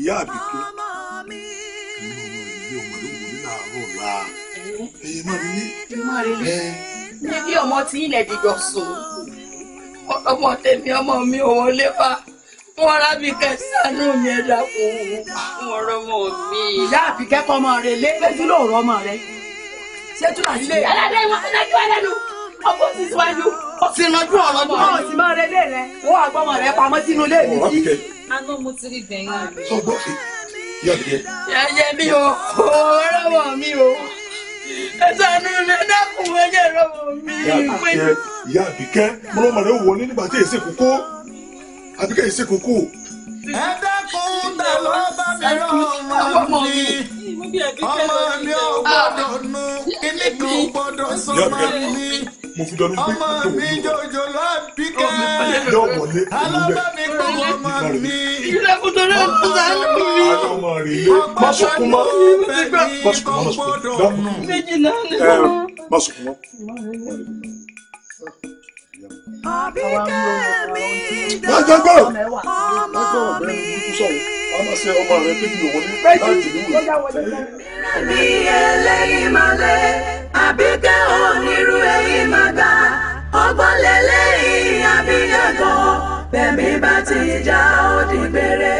ìyá àbíkẹ́ ìyá ọmọ rírí ọmọ rírí ọmọ rírí níbi ọmọ tí ilẹ̀ dìjọ sùn ọmọ tèmi ọmọ mi ò wọlé fa wọn rábì kẹsànù mi dàpọ̀ wọn rọmọ mi. ìyá àbíkẹ́kọ̀ọ́ ọmọ rẹ lé fẹ́jú lóòrọ̀ ọmọ rẹ ṣé tún àti ilé. aládé ìwọ ẹlẹ́jú ẹlẹ́nu ọkọ ti síwájú. ó ti ranjú ọ̀rọ̀ mọ́. ó sì máa rẹ lé rẹ wọ́n àgbọ̀mọ̀ rẹ pamọ́ sínú ilé mi sí. aná mo ti rí bẹ̀yìn. sọ gbọ́ mi ò ọ̀rọ̀ mi ò ẹsànú mi ẹdákùn ẹjẹ ìyá àbíkẹ́ mọ́lọ́mọ rẹ̀ wọ ní nígbà tí èsì kókó àbíkẹ́ èsì kókó. ẹdákùn ta ló bá mi rọ ọmọ mi ọmọ mi ò gbọ́dọ̀ nu kíní gbọ́dọ̀ sọ mi mo fi dọ́nu pé ọmọ mi jòjò lábíkẹ́ alábà mi kọ́ ọmọ mi. ilé kúndùn náà kú sáré mi. ọmọ rè é má sọkún mọ́ má sọkún mọ́ má sọkún mọ́ méjìlá ni wọ́n. má sọkún mọ́. Àbíkẹ́ mi jòjò ọmọ mi. Ọmọ sí ọmọ rẹ̀ pé kí lòun ní láti lù ú. Mi ẹlẹ́yìn máa lé àbíkẹ́ onírú ẹ̀yìn máa gbà ọgbọ́n bẹ̀mí bá ti já ó di gbére.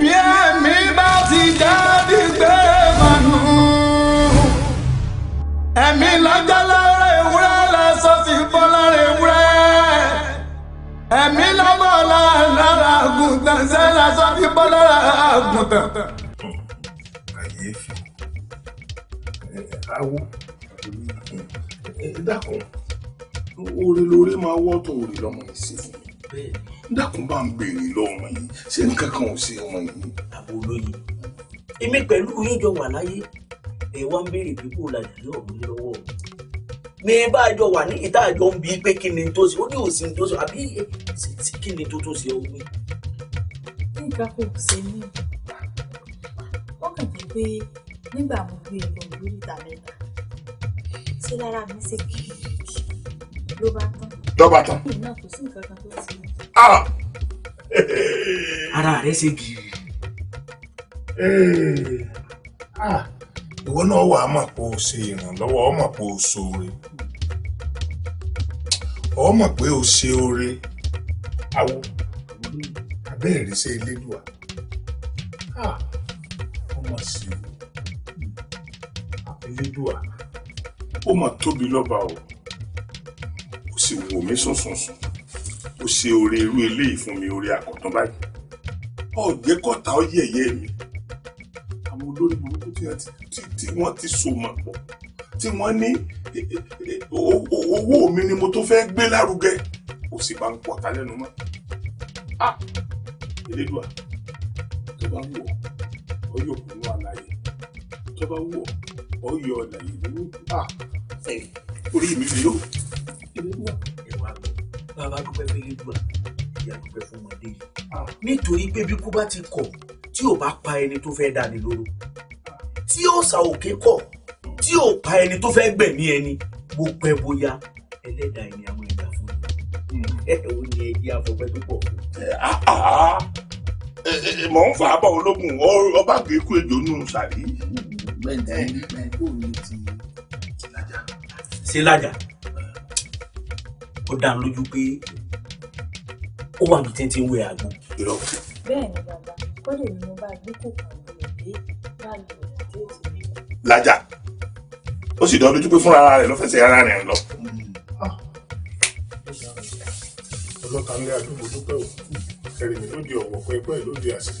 bí ẹ̀mí bá ti já di gbére mànú ẹ̀mí lọ́jọ́ lára ewúrẹ́ lásọ sí bọ́ lára ewúrẹ́ ẹ̀mí lọ́bọ̀ lára àgùntàn sẹ́ lásọ sí bọ́ àgùntàn. kàyéfì awo fún eh, un dákun oore lóore máa wọ́ tó oore lọ́mọ yìí sí fún mi dákun bá ń béèrè lọ́mọ yìí ṣé nǹkan kan ò sí ọmọ yìí. àbò olóye èmi pẹ̀lú yín jọ wà láyé ẹ wá ń béèrè pípò làjà ní ọ̀gbìn lọ́wọ́ mi bá a jọ wà ní ìta àjọ ń bi pé kí ni tó ṣe ó ní òsì tó ṣe àbí kí ni tó tó ṣe ó wí. nǹkan kò ṣe mí wọ́n kàn jẹ́ pé nígbà mo gbé ẹ̀gbọ́n lórí ìta mẹ́ta sí lára mi ṣe kíríkì ló bá tán. lọ́ba tán. ìnáwó kò sí nǹkan kan tó ti. Ah! ara rẹ ṣe gírì. Ah! ìwọ náà wà á mọ̀ pé o ṣe ìrànlọ́wọ́ ọ mọ̀ pé o ṣoore ọ mọ̀ pé o ṣe oore awo abẹ́ ìrísẹ́ elédùà ah! ó mà tóbi lọ́ba o ó sì wò mí sùnsùnsùn ó ṣe oore irú eléyìí fún mi oore àkọ́tán báyìí ọ̀jẹ́ kọ́ta ó yẹ̀yẹ́ mi àwọn olórí burúkú tí wọ́n ti so mọ̀ pọ̀ tí wọ́n ní e, e, e, owó mi ni mo tó fẹ́ gbé lárugẹ kò sì bá ń pọ̀ ta lẹ́nu mọ́ a ah! elédùà tó bá wù ọ́ ọ yóò kúrò àlàyé tó bá wù ọ́ ọ yọ ọ̀nà ìlú a orí mi rèé o ìwúwà ìwà bàbá dúpẹ́ fẹ́rẹ́ dùn ìyá dúpẹ́ fún ọmọdé yìí nítorí pé bí kú bá ti kọ̀ tí ò bá pa ẹni tó fẹ́ dání lóró tí òòsà òkè kọ̀ tí ò pa ẹni tó fẹ́ gbẹ̀mí ẹni bó pẹ́ bóyá ẹlẹ́dàá ẹni àwọn ìjà fún mi ẹ̀ ò ní ẹyẹ afọpẹ́ púpọ̀. mọ̀ ń fà á bá ológun ọba kìí kú ejò nù sàrí. bẹ́ẹ̀ ni bẹ́ẹ̀ kò ní ti ṣe lájà ó dá mi lójú pé ó wà ní títí wẹ àgbo. bẹ́ẹ̀ ni bàbá ó lè mú bá gbé kòkòrò rẹ̀ dé báyìí tó ti rí. lájà ó sì dán lójú pé fúnra rẹ̀ ló fẹsẹ̀ ara rẹ̀ lọ. Ah. ọlọ́ta ń lé àdúgbò dúpẹ́ o ẹ̀rìn mi ló di ọ̀wọ̀ pẹ́ẹ́pẹ́ ló di àṣẹ.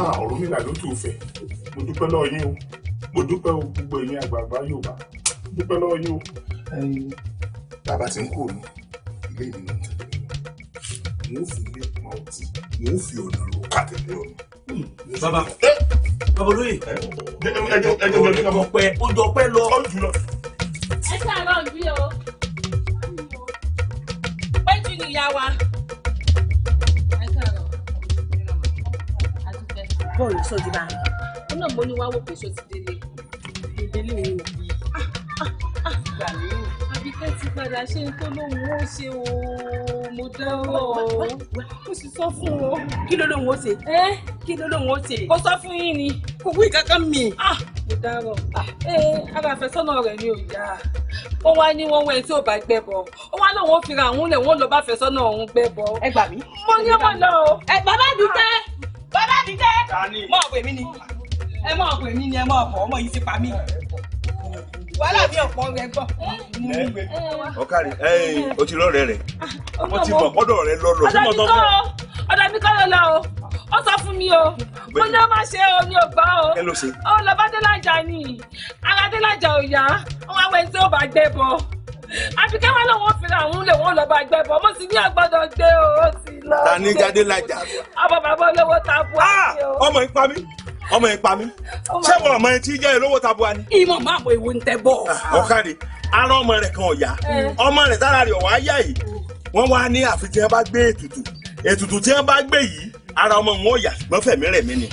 Ah, ọ̀rọ̀ mi là ló tù fẹ̀ mo dúpẹ́ lọ́ọ́ yín o mo dúpẹ́ o gbogbo ẹ̀yin àgbààgbà Yorùbá dúpẹ́ lọ́wọ́ yín o. bàbá ti ń kú ní ilé ìdìbò mo fi ilé pọn ọtí mo fi ọ̀nà ro kàtẹ́lẹ́ ọ̀nà. Hmm. bàbá bàbá olóyè ẹjọ ẹjọ bẹ̀rẹ̀ ká mọ̀ pẹ́ ojú ọpẹ́ lọ. ó jù lọ. ẹ ṣàárọ̀ bí o péjú ni ìyá wa. bọ́ọ̀lù sọ́jú bá a. ó náà mo ní wá wò pé sọ́ọ́ ti délé ìdílé òun ò bí Àbíkẹ́ ti padà ṣe ń tó lóhun ó ṣe o. Mo dárò o. Mo sì sọ fún o. Kí ló lóhun ó ṣe? Ẹ́ kí ló lóhun ó ṣe? Kò sọ fún yín ni. Kò wí kankan mi. Ah, mo dárò. Ee ah, ara àfẹ́sọ́nà rẹ̀ ni ò yá. Ó wá ní wọ́n wẹ́n tí ò bá gbẹ bọ̀. Ó wá lóhun ó fira àwọn olè wọ́n lọ bá fẹ́sọ́nà òun gbẹ bọ̀. Ẹ gbà mí. Mo ní ọmọ lọ o. Ẹ bàbá mi tẹ́. Ah. Bàbá mi tẹ́. Mọ̀ ọ̀pẹ̀ mi ni. Ẹ mọ̀ ọ̀pẹ̀ mi ni ẹ mọ̀ ọ̀pọ̀ ọmọ yìí ti pa mí wàhálà mi ọ̀pọ̀ rẹ̀ gbọ́. ọ̀kàrí o ti rọ́ọ̀rẹ́ rẹ̀ wọ́n ti mọ̀ ọ̀dọ̀ rẹ̀ lọ́rọ̀ fún mi. kọ́ ló lọ o ó sọ fún mi o mo ní ó má ṣe o ní ògbà o ó lọ bá Délájà ni ara Délájà ò yá wọn àwọn ẹni tí ó bá gbẹ bọ àfikẹ́ wọn lòun fi ra òun lè wọn lọ bá gbẹ bọ mo sì ní àgbọ̀dọ̀ gbé o ó ti lọ. ta ni Délájà. ọmọ bàbá olówó ta bu ah, ọmọ ìpamí ọmọ yẹn pa mí ṣé wọn ọmọ yẹn ti jẹ́ ìlówó tabua ni. ìmọ̀ máa bọ̀ ìwé ń tẹ bọ̀. Ah, ọ̀kadì ara ọmọ rẹ̀ kan ọ̀yà eh. ọmọ rẹ̀ tára rẹ̀ ọ̀wá yá yìí wọ́n wá ní àfi tí wọ́n bá gbé ètùtù ètùtù tí wọ́n bá gbé yìí ara ọmọ wọn ò yà ṣùgbọ́n fẹ̀mí rẹ̀ mí ni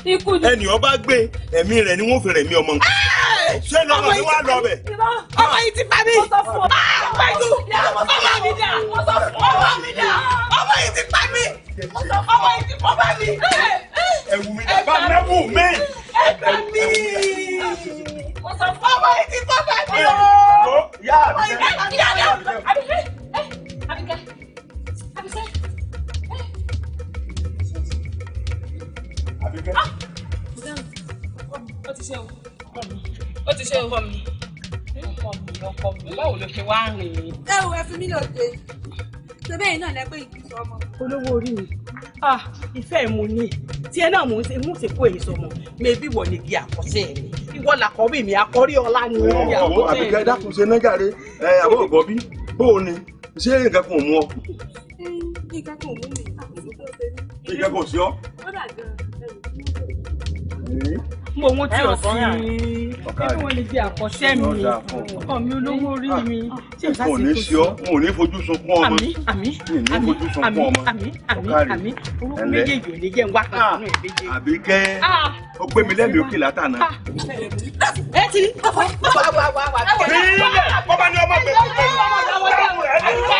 ẹnì ọba gbé ẹ̀mí rẹ̀ ni wọ́n fi rẹ̀ mí ọmọ nǹkan ṣé lọ́nà ni wàá lọ bẹ̀. ọmọ yìí ti bá mi pẹ̀lú ọmọ mi dà ọmọ mi dà ọmọ yìí ti bá mi ọmọ yìí ti bá mi. ẹ̀wù mi dà bá nẹ́wù mi. ẹ bá mi ọmọ yìí ti bá mi. ọmọ yìí ti bá mi. àbíkẹ́. ó ti ṣe o ó ti ṣe o ọkọ mi ọkọ mi ọkọ mi báwo ló ṣe wá rìn. ẹ wo ẹ fi mí lọ dé ṣẹbẹ́ yìí náà lẹ́gbẹ́ ìgbésọ ọmọ. olówó orí mi ìfẹ́ mo ní tiẹ̀ náà mò ń ṣe mú ṣe kó èyí sọmọ mẹ́bí wọ̀ níbi àkọsẹ́ mi ìwọ làkọ́bí mi àkọ́rí ọlá ni ìyàwó tẹ̀. àbíkẹ́ dákun ṣe náà jàre ẹ àbọ̀ ọ̀gbọ́ bó o ni ṣé nǹkan kan ò mú ọ. nǹkan kan ò mú mi àkókò tó ṣe mí. nǹkan kan ò sí ọ. ó dà gan mo wọ́n tí ò sí ẹbí wọn lè di àkọsẹ́ mi ọkọ mi olówó orí mi tí ìgbà sì kò sí. mo ò ní fojú sunkún ọmọ àmì àmì àmì àmì àmì àmì àmì orúkọ méjèèjì ò lè jẹ́ wá kan ah, nínú ẹ̀ méjèèjì. àbí kẹ́ ah. ó gbé mi lẹ́mìí òkè látànà. Ah. ẹ ti rí wà wà wà wà. mi ilẹ̀ ọba ni ọmọ bẹ̀rẹ̀ fún mi.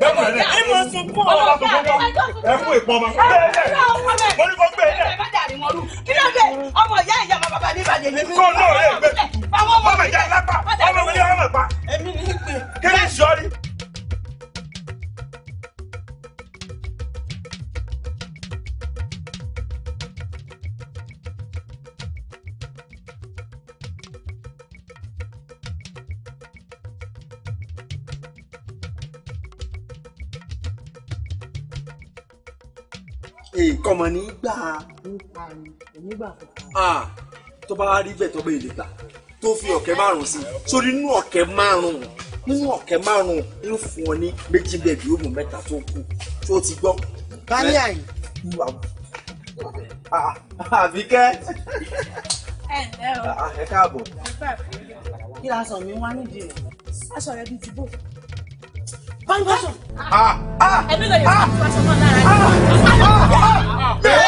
bẹ́ẹ̀ ni ìmọ̀ sunkún ọ̀la sunkún ọ̀la ẹ̀ fún ìpọ́nmọ́. mo ní kó gbé ẹ̀ ọmọlú kí ló dé ọmọ ìyá ìyá bàbá bá ní ìbàdàn mi. kó náà rẹ̀ gbẹ ọmọ ìyá ìlápá ọmọ ìyá ìlápá kí ni sọ́ọ́rí. mi èmi gbà kankan. tó bá rí bẹ́ẹ̀ tó bẹ́ẹ̀ lè gbà tó fi ọ̀kẹ́ márùn sí sórí inú ọ̀kẹ́ márùn nínú ọ̀kẹ́ márùn ń fún ọ ní méjì bẹ́ẹ̀ bí oògùn mẹ́ta tó kù tó ti gbọ́. báyìí àyè. àbíkẹ́ ẹ káàbọ̀. kí la sọ mi wá nídìí rẹ̀. aṣọ rẹ̀ bíi ti bò. báńkì aṣọ. ẹbí lè yọ aṣọ náà lára rẹ̀.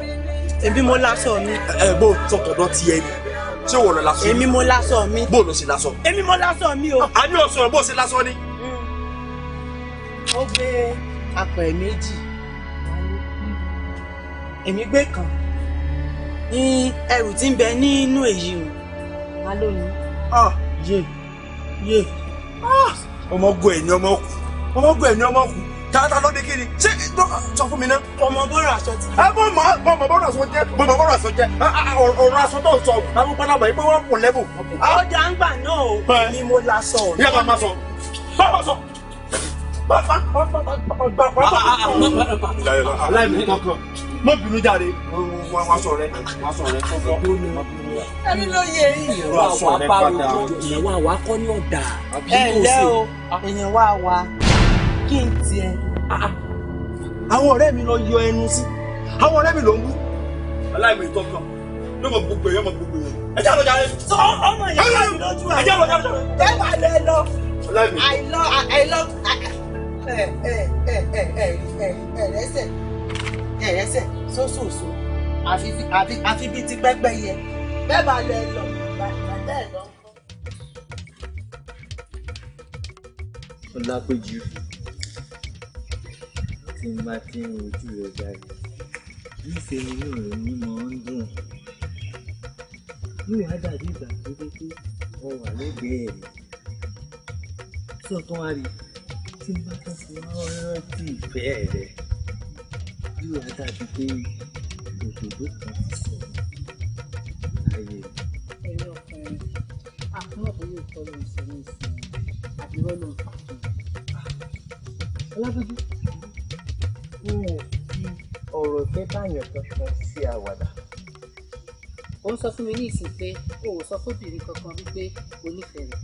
èmi mo láṣọ mi. ẹ bó tọkọdọ ti ẹ ni ṣé wọ́n lọ láṣọ èmi mo láṣọ mi. bó ló ṣe láṣọ. èmi mo láṣọ mi o. a ní ọ̀sán bó ṣe láṣọ ni. ó gbé apẹ̀ méjì èmi gbé kan ní ẹrù tí ń bẹ nínú èyí o a ló ní. Ah, yé yé ah! ọmọ ogun ẹ̀ ni ọmọ kù ọmọ ogun ẹ̀ ni ọmọ kù tààtà ló dé kiri ṣé sọ fún mi náà. ọmọ bọ́rọ̀ aṣọ ti. ẹ mọ mọ mọ mọ bọ́rọ̀ aṣọ jẹ mọ mọ bọ́rọ̀ aṣọ jẹ ọ̀rọ̀ aṣọ tó ń sọ àwọn pátábọ̀ yìí pé wọ́n kùn lẹ́bù. ọjà ń gbà náà o ni mo la sọ. yẹ bá ma sọ bá ma sọ. aláìmọ̀ kankan mo bínú jáde. wọ́n sọ rẹ̀ wọ́n sọ rẹ̀ fọ́fọ́ ẹni ló yẹ yìí wà wá bá rojú ìyẹn wà wá kọ́ ní ọ̀dà. ẹ ǹlẹ́ o èèyàn wà wá kí n tiẹ̀ ah, ah. àwọn ọ̀rẹ́ mi lọ yọ ẹnu sí àwọn ọ̀rẹ́ mi ló ń bú. aláìmọ̀ ìtọ́ kan ló mọ̀ gbogbo èèyàn mọ̀ gbogbo èèyàn. ẹ jẹ́ àlọ́jà rẹ. sọ ọmọ yẹn ló lójú rẹ. ẹ jẹ́ àlọ́jà rẹ. bẹ́ẹ̀ bá lẹ lọ. aláìmọ̀. àìlọ àìlọ ẹ ẹ ẹ ẹ ẹ ẹ rẹsẹ̀ ẹ rẹsẹ̀ sósòsò àfi bíi ti pẹ́pẹ́ yẹ bẹ́ẹ̀ bá lẹ lọ bàtà ẹ lọ. Ọlápẹ̀jù tí n bá ti ń rojú rẹ jáde níṣẹ́ nínú rẹ ní mò ń dùn yóò wá dàbí ìgbà tó dé pé ọ wà lẹ́gbẹ̀ẹ́ rẹ sọ tán wá rí tí n bá tó fi rántí ìfẹ́ rẹ yóò wá dàbí pé òdòdó kan ti sọ láyé. ẹ̀yin ọkùnrin àkúrọ̀bù yóò kọ́ lóun ṣe àbí wọ́n lòun níyàn fi ọ̀rọ̀ ìfẹ́ báyàn kankan ṣe àwàdà. ó ń sọ fún mi ní ìsìn pé o ò sọ fóbìnrin kankan wípé o nífẹ̀ẹ́ rẹ̀.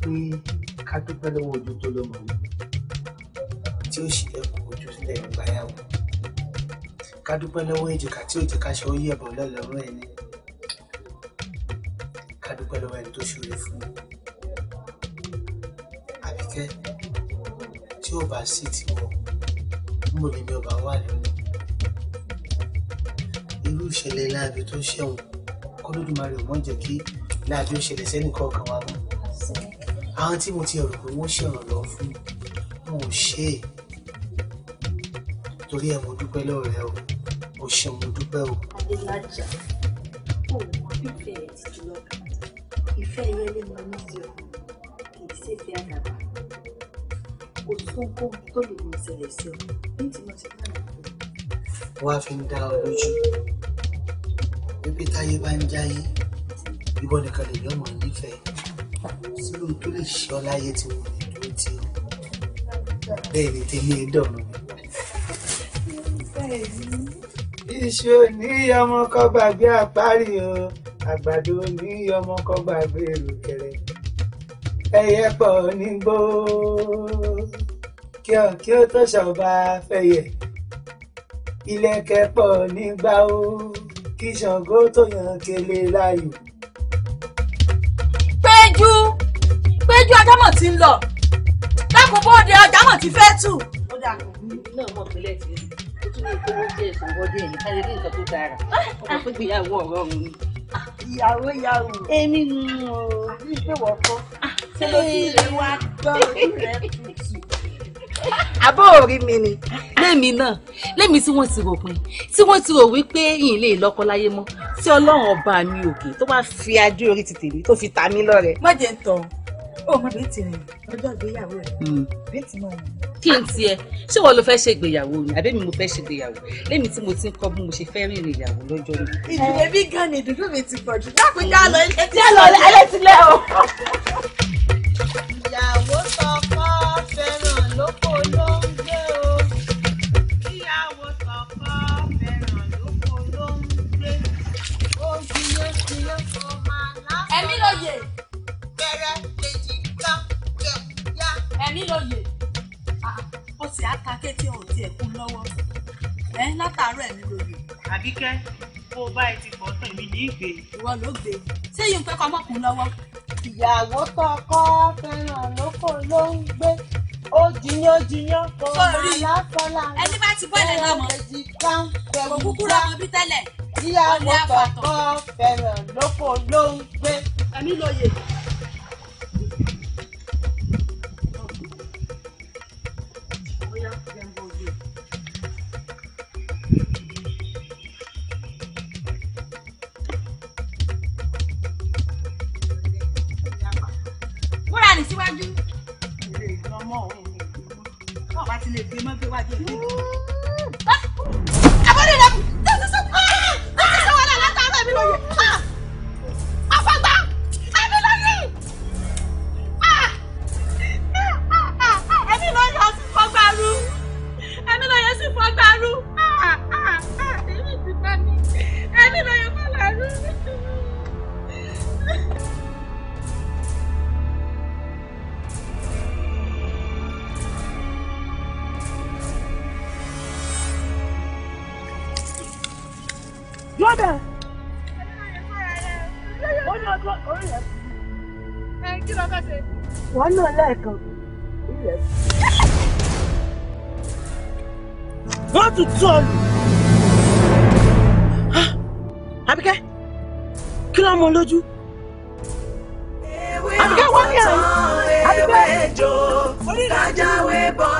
pé ká dúpẹ́ lọ́wọ́ ojú tó lọ́mọ wí tí ó sì lẹ́kùn ojú sílẹ̀ nígbà yàwó ká dúpẹ́ lọ́wọ́ èjìká tí ó jẹ́ ká ṣe ó yẹ̀ bọ̀ lọ́lọ́rọ́ ẹni ká dúpẹ́ lọ́wọ́ ẹni tó ṣòro fún mi àbíkẹ́ tí ò bá sí tiwọ̀ mo lè mi ọba wà lónìí irú ìṣẹ̀lẹ̀ láabi tó ṣẹ̀wọ̀n kọ́lódùmarè ò mọ̀ jẹ́ kí láabi ó ṣẹlẹ̀ sẹ́nìkọ̀ọ̀kan wa mọ́ àwọn tí mo ti rò pé wọ́n ṣèrànlọ́wọ́ fún mi wọn ò ṣe é torí ẹ mo dúpẹ́ lọ́wọ́ rẹ o o ṣeun mo dúpẹ́ o. adélájà ó mọ fífẹ́ ẹ ti jùlọ ìfẹ́ ẹyẹ lè mọ ní ti ọ kì í ṣe fẹ́ àdàbà kò tún kó tó lè mọ ìṣẹ̀lẹ̀ sí ọ ní tí ti bá rẹ pé. wá fi ń dá ọ lójú wípé táyé bá ń jáyé ìwọ nìkan lè lọ́mọ nífẹ̀ẹ́ sí lóhun tó lè ṣe ọ láyé tí wọn lè dúró tì ọ bẹ́ẹ̀ ni tèmi ẹ dọ̀rùn mi. iṣu ní ọmọ gbàgbé àpárí o àgbàdo ní ọmọ gbàgbé èrùkẹ̀rẹ̀ ẹyẹ pọ̀ nígbó kí ọ kí ó tó ṣọba fẹyẹ ilẹ̀kẹ̀ pọ̀ nígbà ó kí Ṣàngó tó yàn kele láyò. ti ń lọ dákun bóde ọjà mọ̀ ti fẹ́ tù. ó dà kò ní náà mọ̀ pínlẹ̀ tí ó tún lè kó oúnjẹ ẹ̀sùn wọlé ẹ̀yìn káyọ̀ ní nǹkan tó dára ọmọ pé ìyàwó ọ̀rọ̀ ọ̀run ni. ìyàwó ìyàwó. èmi nù ú ní ìpéwọ̀ kọ́. ṣé lójú rẹ wá gbọ́dọ̀ àbọ̀ orí mi ni. lẹ́mi náà lẹ́mi tí wọ́n ti rò pin tí wọ́n ti rò wípé yìnyín lè lọ́kọ láyé mọ́ tí ọlọ́run ọba mi òkè tó bá fi ajé orí ti tèmi tó fi ta mí lọ́rẹ. má jẹ́ tán ó mọ bíi tìrìn ọjọ́ ìgbéyàwó rẹ̀ hmm. bíi tì máa yàn. kí n tiẹ̀ ṣé wọn ló fẹ́ ṣe ìgbéyàwó ni àbí mi mo fẹ́ ṣe ìgbéyàwó lèmi tí mo ti ń kọ́ bí mo ṣe fẹ́ rìn ìrìnyàwó lọ́jọ́ náà. ìdílé bí gan ni ìdùnnú mi ti pọ̀ jù lápẹjá hmm. lọ ilé tí lọ ilé tí lẹ́ o. akéde ò tiẹ̀ kún lọ́wọ́ ẹ látàárọ̀ ẹ̀mí lòdì. àbíkẹ́ bó bá ẹ ti pọ̀ tán èmi ní ìgbé. ìwọ ló gbé ṣé yín fẹ́ kọ́ mọ́kùn lọ́wọ́. ìyàwó tọkọ fẹ́ràn lóko ló ń gbé ojiyàn ojiyàn kò máa láfọlá rẹ ẹni bá ti bọ́lẹ̀ náà mọ̀ kò kúkú lọ́mọ bí tẹ́lẹ̀ ìyàwó tọkọ fẹ́ràn lóko ló ń gbé. ẹ̀mí lóye.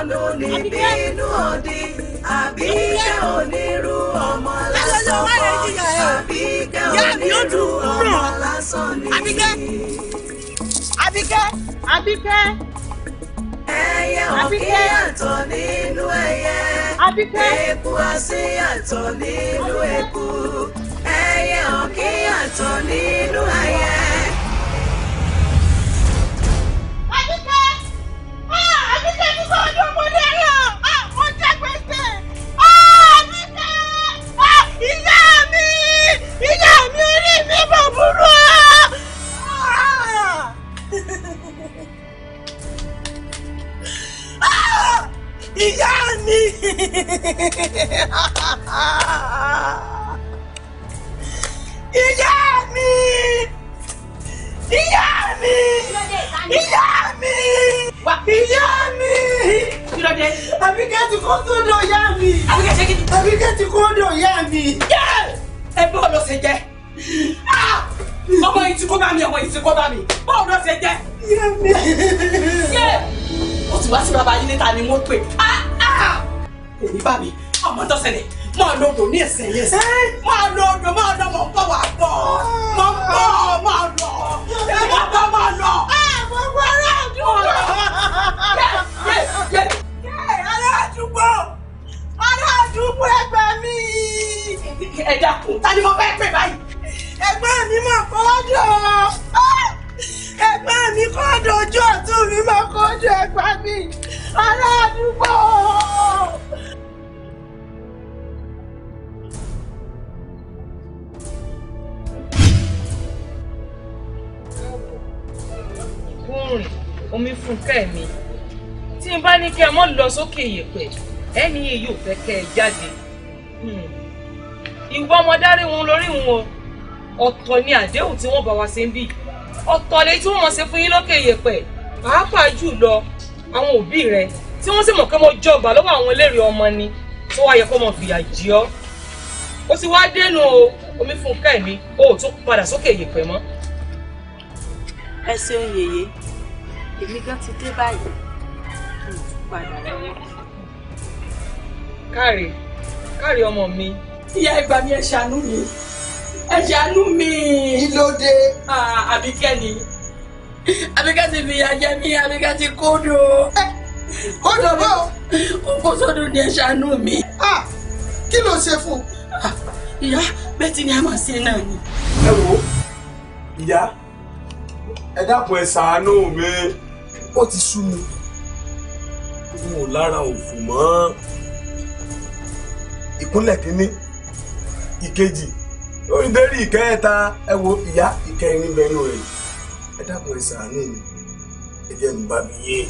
ọ̀nù níbínú òdì àbíkẹ́ onírú ọmọ lásán kọ́ àbíkẹ́ onírú ọmọ lásán ni. àbíkẹ́ àbíkẹ́. ẹyẹ òkè yàtọ̀ nínú ẹyẹ eku asín yàtọ̀ nínú eku ẹyẹ òkè yàtọ̀ nínú ẹyẹ. burú. Ah! Ah! ìyá mi. ìyá mi. ìyá mi. ìyá mi. ìyá Have you got to go sódò ìyá mi. Àbíkẹ́ ti kó sódò ìyá mi. Ẹ bọ́ọ̀lù ṣe jẹ́. Ah! ọmọ yìí ti kó bá mi ọmọ yìí ti kó bá mi báwo ló ṣe jẹ. ó ti wá sí bàbá yín níta ni mo pè ah! ah! kò ní bá mi ọmọ tó ṣẹlẹ̀ máa lo odò ní ẹsẹ̀ ní ẹsẹ̀ máa lo odò máa lọ mọ̀ bọ̀ wà bọ̀ mọ̀ bọ̀ máa lọ ẹ̀ka bọ̀ máa lọ. gbogbo ará àdúgbò ará àdúgbò ará àdúgbò ẹgbẹ́ mi. ẹ dákun ta ni mo fẹ́ pè báyìí ẹ̀gbọ́n mi mà kọ́ dọ̀ ẹ̀gbọ́n mi kọ́ dojú ọ̀tún mi mà kọ́ dọ̀ ẹ̀gbọ́n mi ará àdúgbò. gúnrìn omi fúnkẹ́ mi tí n bá ní kí ẹ mọ́ lọ sókè yẹ̀pẹ̀ ẹni yìí yóò fẹ́ kẹ́ ẹ jáde hmm. ìwọ ọmọdé rí wọn lórí wọn o ọ̀tọ̀ ni àdéhùn tí wọ́n bá wa ṣe ń bì ọ̀tọ̀ ni tí wọ́n mọ̀ ṣe fún yín lókè yẹ̀pẹ̀ pàápàá jù lọ àwọn òbí rẹ tí wọ́n sì mọ̀ pé mo jọba lọ́wọ́ àwọn eléré ọmọ ni tó wáyẹ kó mọ̀ fìyà jì ọ́ ó ti wá dénú o omi fún kẹ́mi o ò tún padà sókè yẹ̀pẹ̀ mọ́. ẹ ṣeun yèyé èmi gan ti dé báyìí kí n tún padà lọ́wọ́. káre káre ọmọ mi. ìyá ìgbà mi ẹ ṣàánú mi ẹ ṣàánú mi. kí ló dé. àbíkẹ́ ni àbíkẹ́ ti fìyà jẹ mí àbíkẹ́ ti kódò. kódò bò. ó kó sódò ní ẹ ṣàánú mi. kí ló ṣe fún un. ìyá bẹ́tì ni a máa ṣe náà ni. ẹ wo ìyá ẹ dákun ẹ ṣàánú mi ó ti sú mi n ò lára òfò mọ́ ìkúnlẹ̀ kínní ìkejì lóyún dérí ìkẹta ẹ wo ìyá ìkẹyìn níbẹ̀ nù rẹ̀ ẹ dákun ẹ sàánú mi ẹ jẹ́ mi bá mi yé.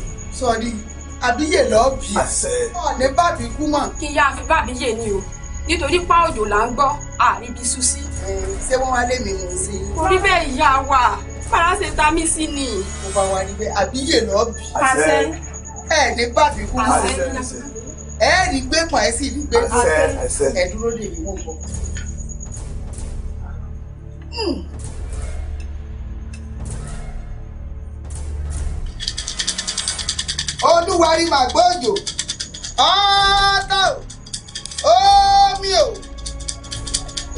sọrí àbíyè lọ́ọ́ bí ọ̀ní bàbí kú mọ̀. kí n yá fi bàbí yé ni o nítorí pa òjò là ń gbọ́ àríbi susi. ṣé wọ́n wá lé mi mú sí i. orí bẹ́ẹ̀ ìyá wa paracetamol sí ni. mo bá wa rí bẹ́ẹ̀ àbíyè lọ́ọ́ bí. àṣẹ ẹ ní bàbí kú mọ̀ ẹ rí gbé pàẹ́ sí rí gbé pàẹ́ ẹ dúró dè mí wọ́n olúwarí mà gbọ́ òjò ọ̀ọ́tà omi o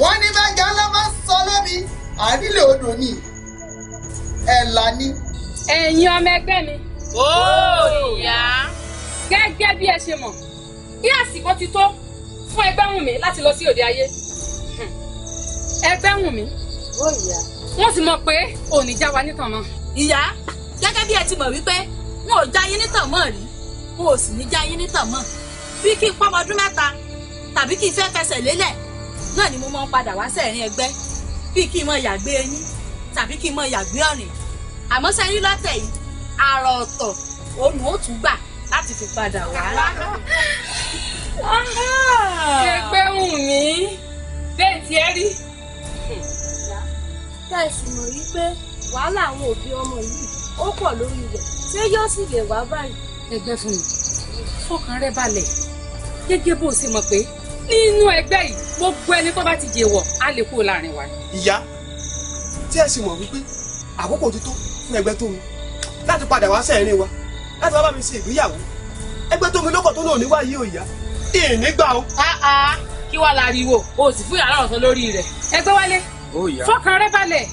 wọ́n ní bẹ́ẹ̀jà ńlá máa ń sọ lómi àrílẹ̀ odò ni ẹ̀là ni. ẹ̀yin ọmọ ẹgbẹ́ mi. ó ìyá. gẹ́gẹ́ bí ẹ ṣe mọ̀ bí àsìkò ti tó fún ẹgbẹ́ wùn mí láti lọ sí òde ayé ẹgbẹ́ wùn mí ó ìyá. wọ́n sì mọ̀ pé òní já wa nítàn mọ́. ìyá gẹ́gẹ́ bí ẹ ti mọ̀ wípé wọn ò já yín nítàn mọ́ rí wọn ò sì ní já yín nítàn mọ́ bí kí n pọ́mọ ọdún mẹ́ta tàbí kí n fẹ́ fẹsẹ̀ lélẹ̀ náà ni mo máa ń padà wá sẹ́ẹ̀rin ẹgbẹ́ bí kí n mọ yàgbé eyín tàbí kí n mọ yàgbé ọ̀rìn àmọ́ sẹ́yìn lọ́tẹ̀ yìí àrà ọ̀tọ̀ òun ò tún gbà láti fi padà wá. ṣe pé mí bẹ́ẹ̀ tiẹ́ rí tẹ́ ẹ sì mọ̀ wàhálà àwọn òbí ọmọ yìí ó pọ̀ lórí rẹ̀ ṣé yóò sì lè wá báyìí. ẹgbẹ́ fún mi fọkàn rẹ balẹ̀ gẹ́gẹ́ bó o ṣe mọ̀ pé nínú ẹgbẹ́ yìí gbogbo ẹni tó bá ti jẹ́wọ́ á lè kúrò láàrin wa. ìyá tí ẹ sì mọ̀ wípé àkókò ti tó fún ẹgbẹ́ tó mi láti padà wá sẹ́yìn wa láti wá bá mi ṣe ìgbéyàwó ẹgbẹ́ tó mi lọ́kọ̀ tó lò ní wáyé ò yá ìnígbà o. Ah, ah, kí wàá la ariwo o sì fún yàrá ọ̀sán lórí rẹ̀ ẹgbẹ́ wálé fọkàn rẹ balẹ̀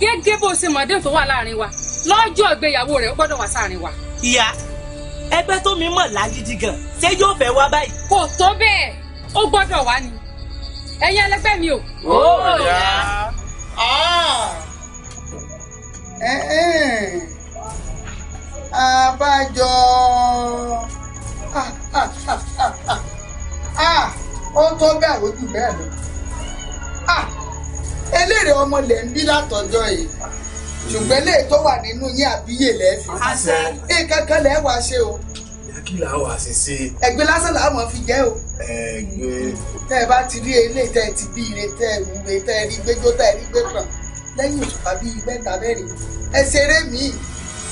gẹ́gẹ́ bó ṣe mọ̀dé tó wà láàrin wa lọ́jọ́ ìgbéyàwó rẹ̀ ó gbọ́dọ̀ wà sáàrin wa. ìyá ẹgbẹ́ tó mi mọ̀ lágídí gan ṣé yóò fẹ́ wá báyìí. kò tó bẹ́ẹ̀ ó gbọ́dọ̀ wá ni ẹ̀yin ẹlẹgbẹ́ mi o. ó yá àbájọ ó tó bẹ́ẹ̀ ó jù bẹ́ẹ̀ lọ. Ah eléèrè ọmọ lẹ̀ ń bí látọjọ́ yìí ṣùgbọ́n eléyìí tó wà nínú yín àbíyè lẹ́ẹ̀fì nǹkan kan lẹ́ẹ̀ wá ṣe o. kí là á wà sí sí. ẹgbẹ́ lásán làá mọ̀ fi jẹ́ o. ẹgbẹ́. tẹ́ ẹ bá ti rí eléyìí tẹ́ ẹ ti bí ire tẹ́ ẹ wúre tẹ́ ẹ rí gbégbó tẹ́ ẹ rí gbégbọ̀n lẹ́yìn òṣùpá bíi mẹ́ta ẹ ṣeré míì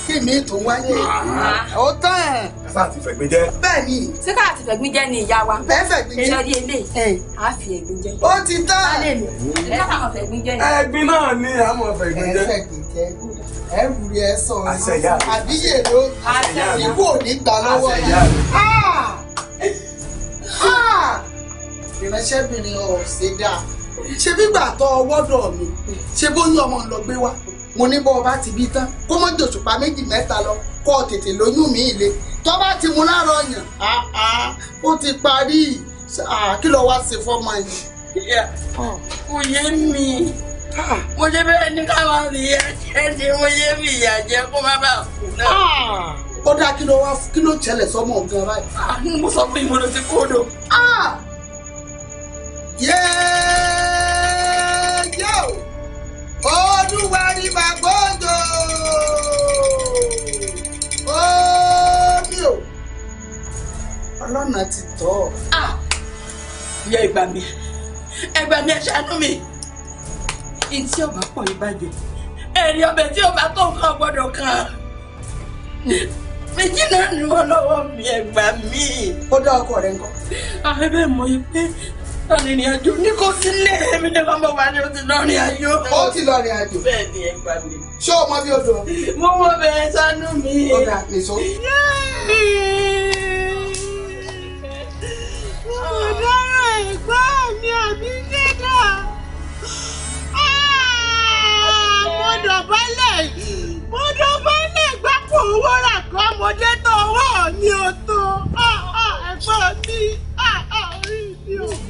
kí mi tó wáyé ah. ó tán. sáà ti fẹ̀gbin jẹ́. bẹ́ẹ̀ni. ṣé káà ti fẹ̀gbin jẹ́ ni ìyá wa. bẹ́ẹ̀ fẹ̀gbin jẹ́. ìṣòro ilé a fi ẹ̀gbin jẹ́. ó ti tán. sálẹ̀ mi ẹ ká mọ̀ fẹ̀gbin jẹ́ ẹ̀gbin náà ni a mọ̀ fẹ̀gbin jẹ́. ẹ fẹ̀gbin jẹ́ ẹ wúri ẹ sọ ọ àbíyè ló ikú ò ní gbà lọ́wọ́ ìránṣẹ́bìnrin ọ̀sẹ̀ dáa ṣe bí tọ́ ọwọ́ mi ṣe bóyá ọmọ ń lọ gbé wá mo ní bọ́ ọba ti bí tán kó mọ́ jòṣùpá méjì mẹ́ta lọ kó o tètè lóyún mi ìle tó bá ti mu láàárọ̀ yàn ó ti parí kí ló wá ṣe fọ́mọ yẹn. kò yé mi mo ṣe bẹ́ẹ̀ ní káwọn rí ẹ ṣe mo yé mi ìyà jẹ kó má bàa kú náà. ó dá kí ló wá kí ló ṣẹlẹ̀ sọ́mọ gan báyìí. mo sọ pé ìmọ̀lẹ́ ti kó o dò. yéé olúwarí màgbọ́jọ omi o ọlọ́nà ti tọ́ ọ. Ah, ìyá ẹ gbà mí ẹ gbà mí ẹ ṣàánú mi ìtí ọba pọ̀ yìí bàjẹ́ ẹ̀rí ọbẹ̀ tí ọba tó nǹkan gbọ́dọ̀ kan méjì náà ni wọ́n lọ́wọ́ mi ẹ gbà mí. ó dá ọkọ rẹ ńkọ́. ààrẹ ah, bẹ́ẹ̀ mọ̀ yìí pé lọ́rin ní àjò ní kò sílé èmi ní kò mọ̀ wá ní o ti lọ́rin àjò. ó ti lọ́rin àjò. bẹ́ẹ̀ ni ẹ gbà mí. ṣé o mọ bí o dùn. mo mọ bẹ̀rẹ̀ sánú mi. ọ̀dà nìṣó. ọ̀daràn ẹ̀gbọ́n mi àbí jẹ́dá mo dọ̀bálẹ̀ mo dọ̀bálẹ̀ gbáko owó rà kan mo dé tó ọwọ́ mi ò tó ah, ah, ẹ̀gbọ́n mi ah, orí mi ò.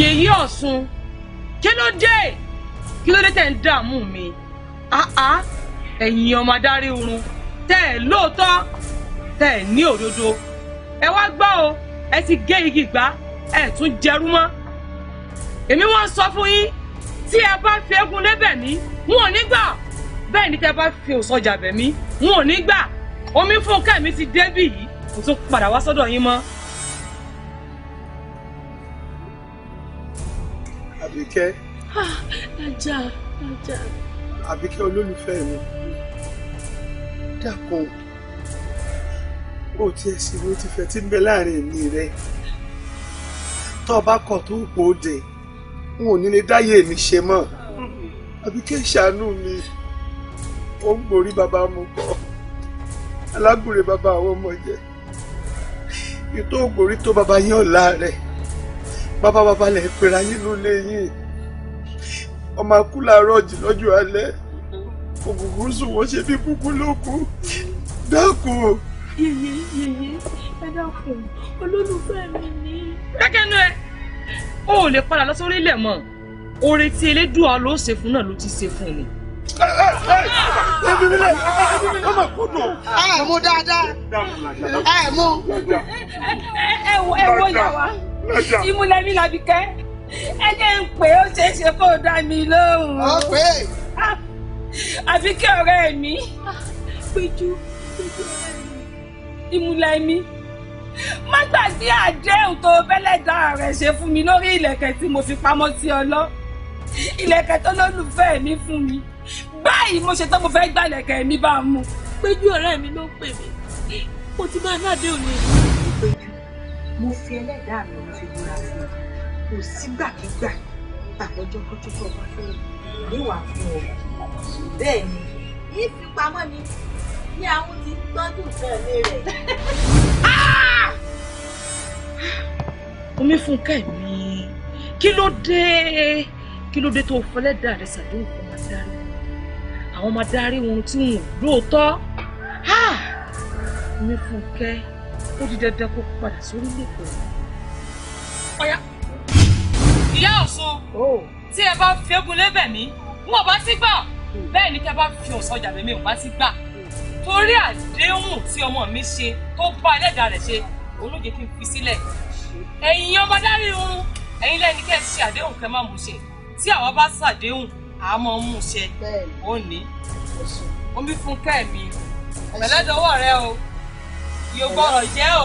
yèyí ọ̀sùn kí ló dé kí ló dé tẹ̀ ń dààmú mi ẹ̀yin ọmọ adarí oorun tẹ́ ẹ̀ lóòótọ́ tẹ́ ẹ̀ ní òdodo ẹ wá gbọ́ o ẹ ti gé igi gbá ẹ tún jẹrú mọ́ èmi wọ́n sọ fún yín tí ẹ bá fi eégún lébẹ̀ mí wọn ò ní gbà bẹ́ẹ̀ ni tẹ́ bá fi òsọjà bẹ̀ mí wọn ò ní gbà omi fún kẹ́mi ti débì yìí kò tún padà wá sọ́dọ̀ yín mọ́. Àbíkẹ́. Ah, ajá ajá. Àbíkẹ́ olólùfẹ́ mi dákun ó tiẹ̀ sí mo ti fẹ́ tí ń bẹ láàrin èmi rẹ tó o bá kọ̀ tó kò ó dé n ò ní lè dáyé mi ṣe mọ́ Àbíkẹ́ ṣàánú mi ó ń borí bàbá mu kọ́ alágbèrè bàbá àwọn ọmọ jẹ ètò ògbórí tó bàbá yín ọ̀la rẹ̀ bàbá bàbá lè pera yín ló lé yín ọmọ akú làárọ̀ jì lọ́jọ́ alẹ́ ògùngùn sùn wọ́n ṣe bí kúkú ló kú dákun. yèyé yèyé ẹ dákun olólùfẹ́ mi ni. kẹ́kẹ́nu ẹ o ò lè padà lọ sórí ilẹ̀ mọ́ oore tí elédùà ló ṣe fún náà ló ti ṣe fún ni. ẹ bí mi lẹ ẹ má kó nù. ẹ mú dáadáa ẹ mú. ẹ wo ẹ wo yà wá ìmúlẹ̀mí làbíkẹ́ ẹ jẹ́ ń pè ó ṣeé ṣe kó o dá mi lóhùn. ọ pé. Ah, àfi kí ọ̀rẹ́ mi péjú ìmúlẹ̀mí má gbàgbé àdéhùn tó bẹ́lẹ̀dá rẹ̀ ṣe fún mi lórí ìlẹ̀kẹ̀ tí mo fi pamọ́ sí ọ lọ ìlẹ̀kẹ̀ tó lólùfẹ́ mi fún mi báyìí mo ṣe tán mo fẹ́ gbàlẹ̀kẹ̀ mi bá mu. péjú ọ̀rẹ́ mi ló ń pè mí mo ti máa ní àdéhùn ní ìlú péjú mo fi ẹlẹ́dàá mi fi búra fún ọ kò sígbàkigbà tàbọjọ kọjú tó bá fẹ́ níwà fún ọ bẹ́ẹ̀ ni yìí fi pamọ́ ni ní àwọn ti tọ́jú nǹkan rẹ̀. omi fúnkẹ́ mi kí ló dé kí ló dé tó fọlẹ́dà rẹ ṣàdéhùn kó máa darí àwọn máa darí ohun tí wọn ò lóòótọ́ omi fúnkẹ́ ó di dandan kó padà sórílẹ̀ pẹ̀lú ọ̀yá ìyá ọ̀sán oh. tí ẹ bá fi egun lébẹ̀ mí n ò bá sí gbà bẹ́ẹ̀ ni kí ẹ bá fi ọ̀sán jàbẹ́ mi ò bá sí gbà torí àdéhùn tí ọmọ mi ṣe tó bá ẹlẹ́dàá rẹ̀ ṣe olóògbé kí n fi sílẹ̀ ẹ̀yin ọmọ dárí irun ẹ̀yin lẹ́ni kẹ́ ẹ ṣe àdéhùn kẹ́ máa mú ṣe tí àwa bá ṣàdéhùn àá máa mú ṣe ó ní omi fún kẹ́ẹ̀mí pẹ̀lẹ́dọ̀wọ́ rẹ o yóò gbọ́rọ̀ jẹ́ o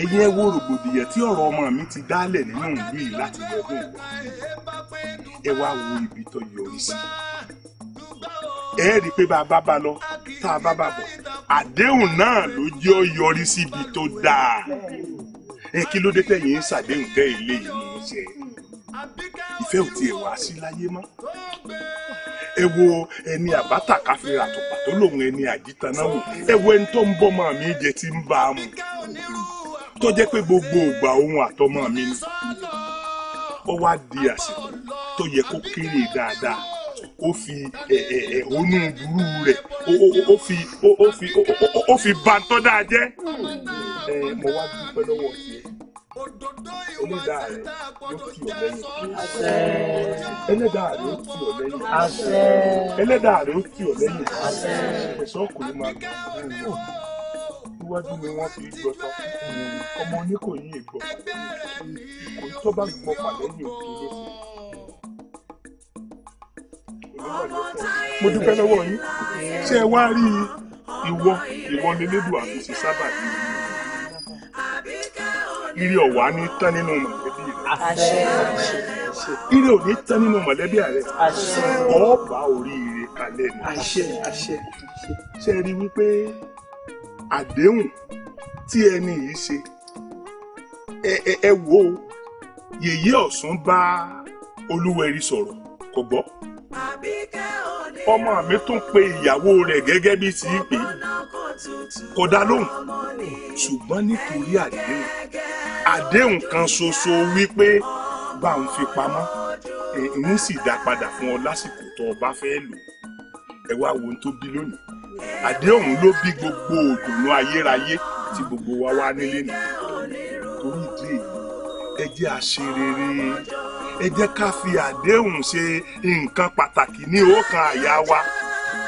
ẹ̀yin ẹ wo rògbòdìyàn tí ọ̀rọ̀ ọmọ mi ti dálẹ̀ nínú ìlú yìí láti ọdún ẹ wá wo ibi tó yọrí sí ẹ rí i pé bá a bá bá lọ tá a bá bá bọ̀ àdéhùn náà ló jẹ́ ọ yọrí síbi tó dáa ẹ kí ló dé tẹ̀yìn ń ṣàdéhùn tẹ́ ilé yìí mú un ṣe ìfẹ́ ò tiẹ̀ wá sí láyé mọ́ ẹ wo ẹni àbáta káfíńrà àtùpà tó lòun ẹni àjítanáwò ẹ wo ẹni tó ń bọ́ mọ́ mi jẹ tí ń bá a mú tó jẹ́ pé gbogbo ògbà ohun àtọmọ mi ni ó wá di àsìkò tó yẹ kó kéré dáadáa ó fi ẹ̀hónú burú rẹ̀ ó fi ó fi ó fi bá tọ́ dáa jẹ́ mo wá dúpẹ́ lọ́wọ́ yẹn òdodo ìwà ṣẹta gbọ́dọ̀ jẹ sọdẹ ẹlẹ́dàá ó tì ọ́ lẹ́yìn ẹlẹ́dàá ó tì ọ́ lẹ́yìn ẹsọ kò ní máa gbà bẹ́ẹ̀ wọ iwájú ni wọ́n fi gbọ́ sọ ọmọ oníkòyí ègbò kò tó bá gbọ́ pàlẹ́yìn òkè lẹ́sẹ̀ mo dúpẹ́ lọ́wọ́ yín ṣé ẹ wá rí ìwọ ìwọ lélẹ́dùn àfi ṣe sábà yìí ire ọ̀wá ni tán nínú mọ̀lẹ́bí rẹ̀ ire ò ní tán nínú mọ̀lẹ́bí rẹ̀ ọ̀ọ́bà oríire kalẹ̀ ni ṣe rí wípé àdéhùn tí ẹni yìí ṣe ẹ wo yèyé ọ̀sán bá olúwẹ̀rí sọ̀rọ̀ kò gbọ́ ọmọ mi tún pe ìyàwó rẹ̀ gẹ́gẹ́ bí ti pè kò dá lóhùn ṣùgbọ́n nítorí àdéhùn àdéhùn kan ṣoṣo wípé bá ń fi pamọ́ èyí sì dá padà fún ọ lásìkò tó o bá fẹ́ lò ẹ wá wo ohun tó bí lónìí àdéhùn ló bí gbogbo òdùnnú ayérayé tí gbogbo wa wá nílé nìyí torí ìdí èyí ẹ jẹ́ àṣerere ẹ jẹ́ ká fi àdéhùn ṣe nǹkan pàtàkì ní ọkàn àyà wa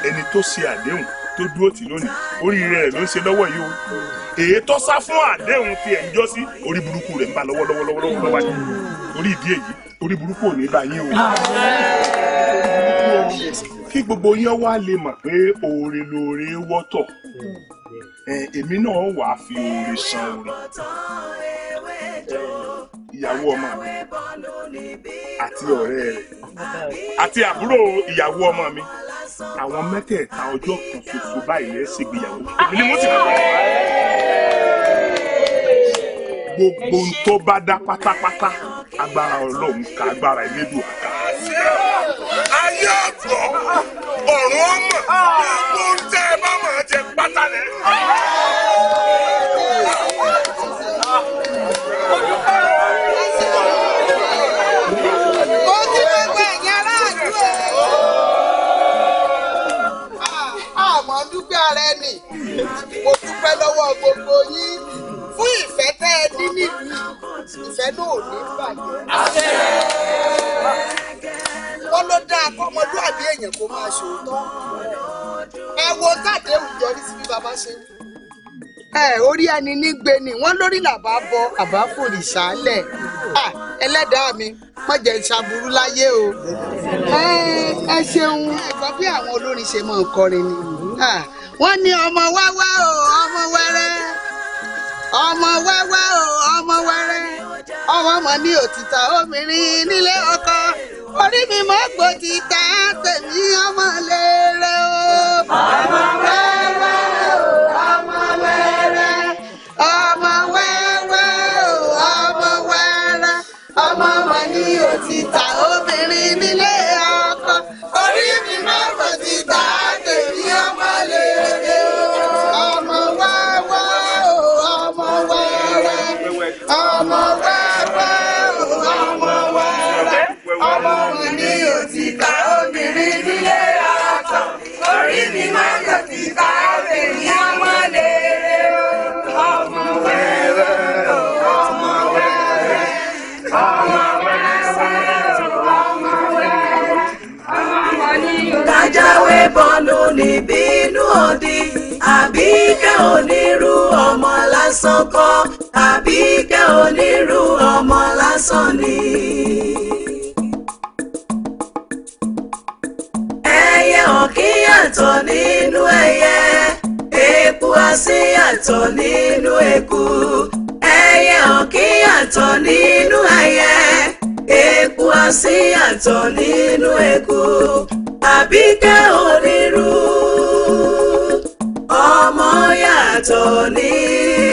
ẹni tó ṣe àdéhùn tó dúró tì lónìí oríire rẹ̀ ló ń ṣe lọ́wọ́ yìí o èyí tó sá fún àdéhùn ti ẹ̀ ń jọ sí orí burúkú rẹ̀ ń bá lọ́wọ́ lọ́wọ́ lọ́wọ́ lọ́wọ́ wájú orí ìdí èyí orí burúkú ò ní bá yín o kí gbogbo yín wá lè mọ̀ pé oore lóore wọ́tọ̀ èmi náà wà á fi oore san oore ìyàwó ọmọ mi àti ọ̀rẹ́ rẹ̀ àti àbúrò ìyàwó ọmọ mi àwọn mẹ́tẹ̀ẹ̀ta ọjọ́ kan ṣoṣo báyìí lẹ́ ṣègbéyàwó èmi ni mo ti rẹ̀ gbogbo ohun tó bá dá pátápátá agbára ọlọ́run ká agbára ẹlẹ́dùn àká. ayé ọ̀gbọ́n ọ̀run ọmọ gbogbo ohun ẹ bá mọ̀ jẹ pátá lẹ. Ah, dúpẹ́ ara ẹni mo dúpẹ́ lọ́wọ́ gbogbo yín fún ìfẹ́ tẹ́ ẹ ní nílùú ìfẹ́ náà ò ní bàjẹ́. wọ́n ló dáa kọ́ ọmọlúwàbí èèyàn kó máa ṣòótọ́ ẹ wo táde òjọrí síbi bàbá ṣe wí. ẹ orí ẹni nígbe ni wọn lórí làbá bọ àbá fòrì ṣálẹ ẹlẹ́dàá mi má jẹ́ láyé o ẹ ṣeun ẹ gbọ́ bí àwọn olórin ṣe máa ń kọrin ni wọ́n ní ọmọ wáwá o ọmọ wẹ́rẹ́ ọmọ wáwá o ọmọ wẹ́rẹ́ ọmọ ọmọ ní òtítà obìnrin nílé ọkọ orí mi mọ́ gbòtítà tèmi ọmọ lérè ọmọ wẹ́wẹ́ o ọmọ wẹ́rẹ́ ọmọ wẹ́wẹ́ o ọmọ wẹ́rẹ́ ọmọ wọn ni òtítà obìnrin nílé ọkọ orí mi máa ń bọ̀ títà. bínú òdì àbíkẹ́ onírú ọmọ lásán kọ́ àbíkẹ́ onírú ọmọ lásán ni. òkín yàtọ̀ nínú ẹyẹ eku asín yàtọ̀ nínú eku ẹyẹ òkín yàtọ̀ nínú ẹyẹ eku asín yàtọ̀ nínú eku Àbíkẹ́ onírú ọmọ yàtọ̀ nínú.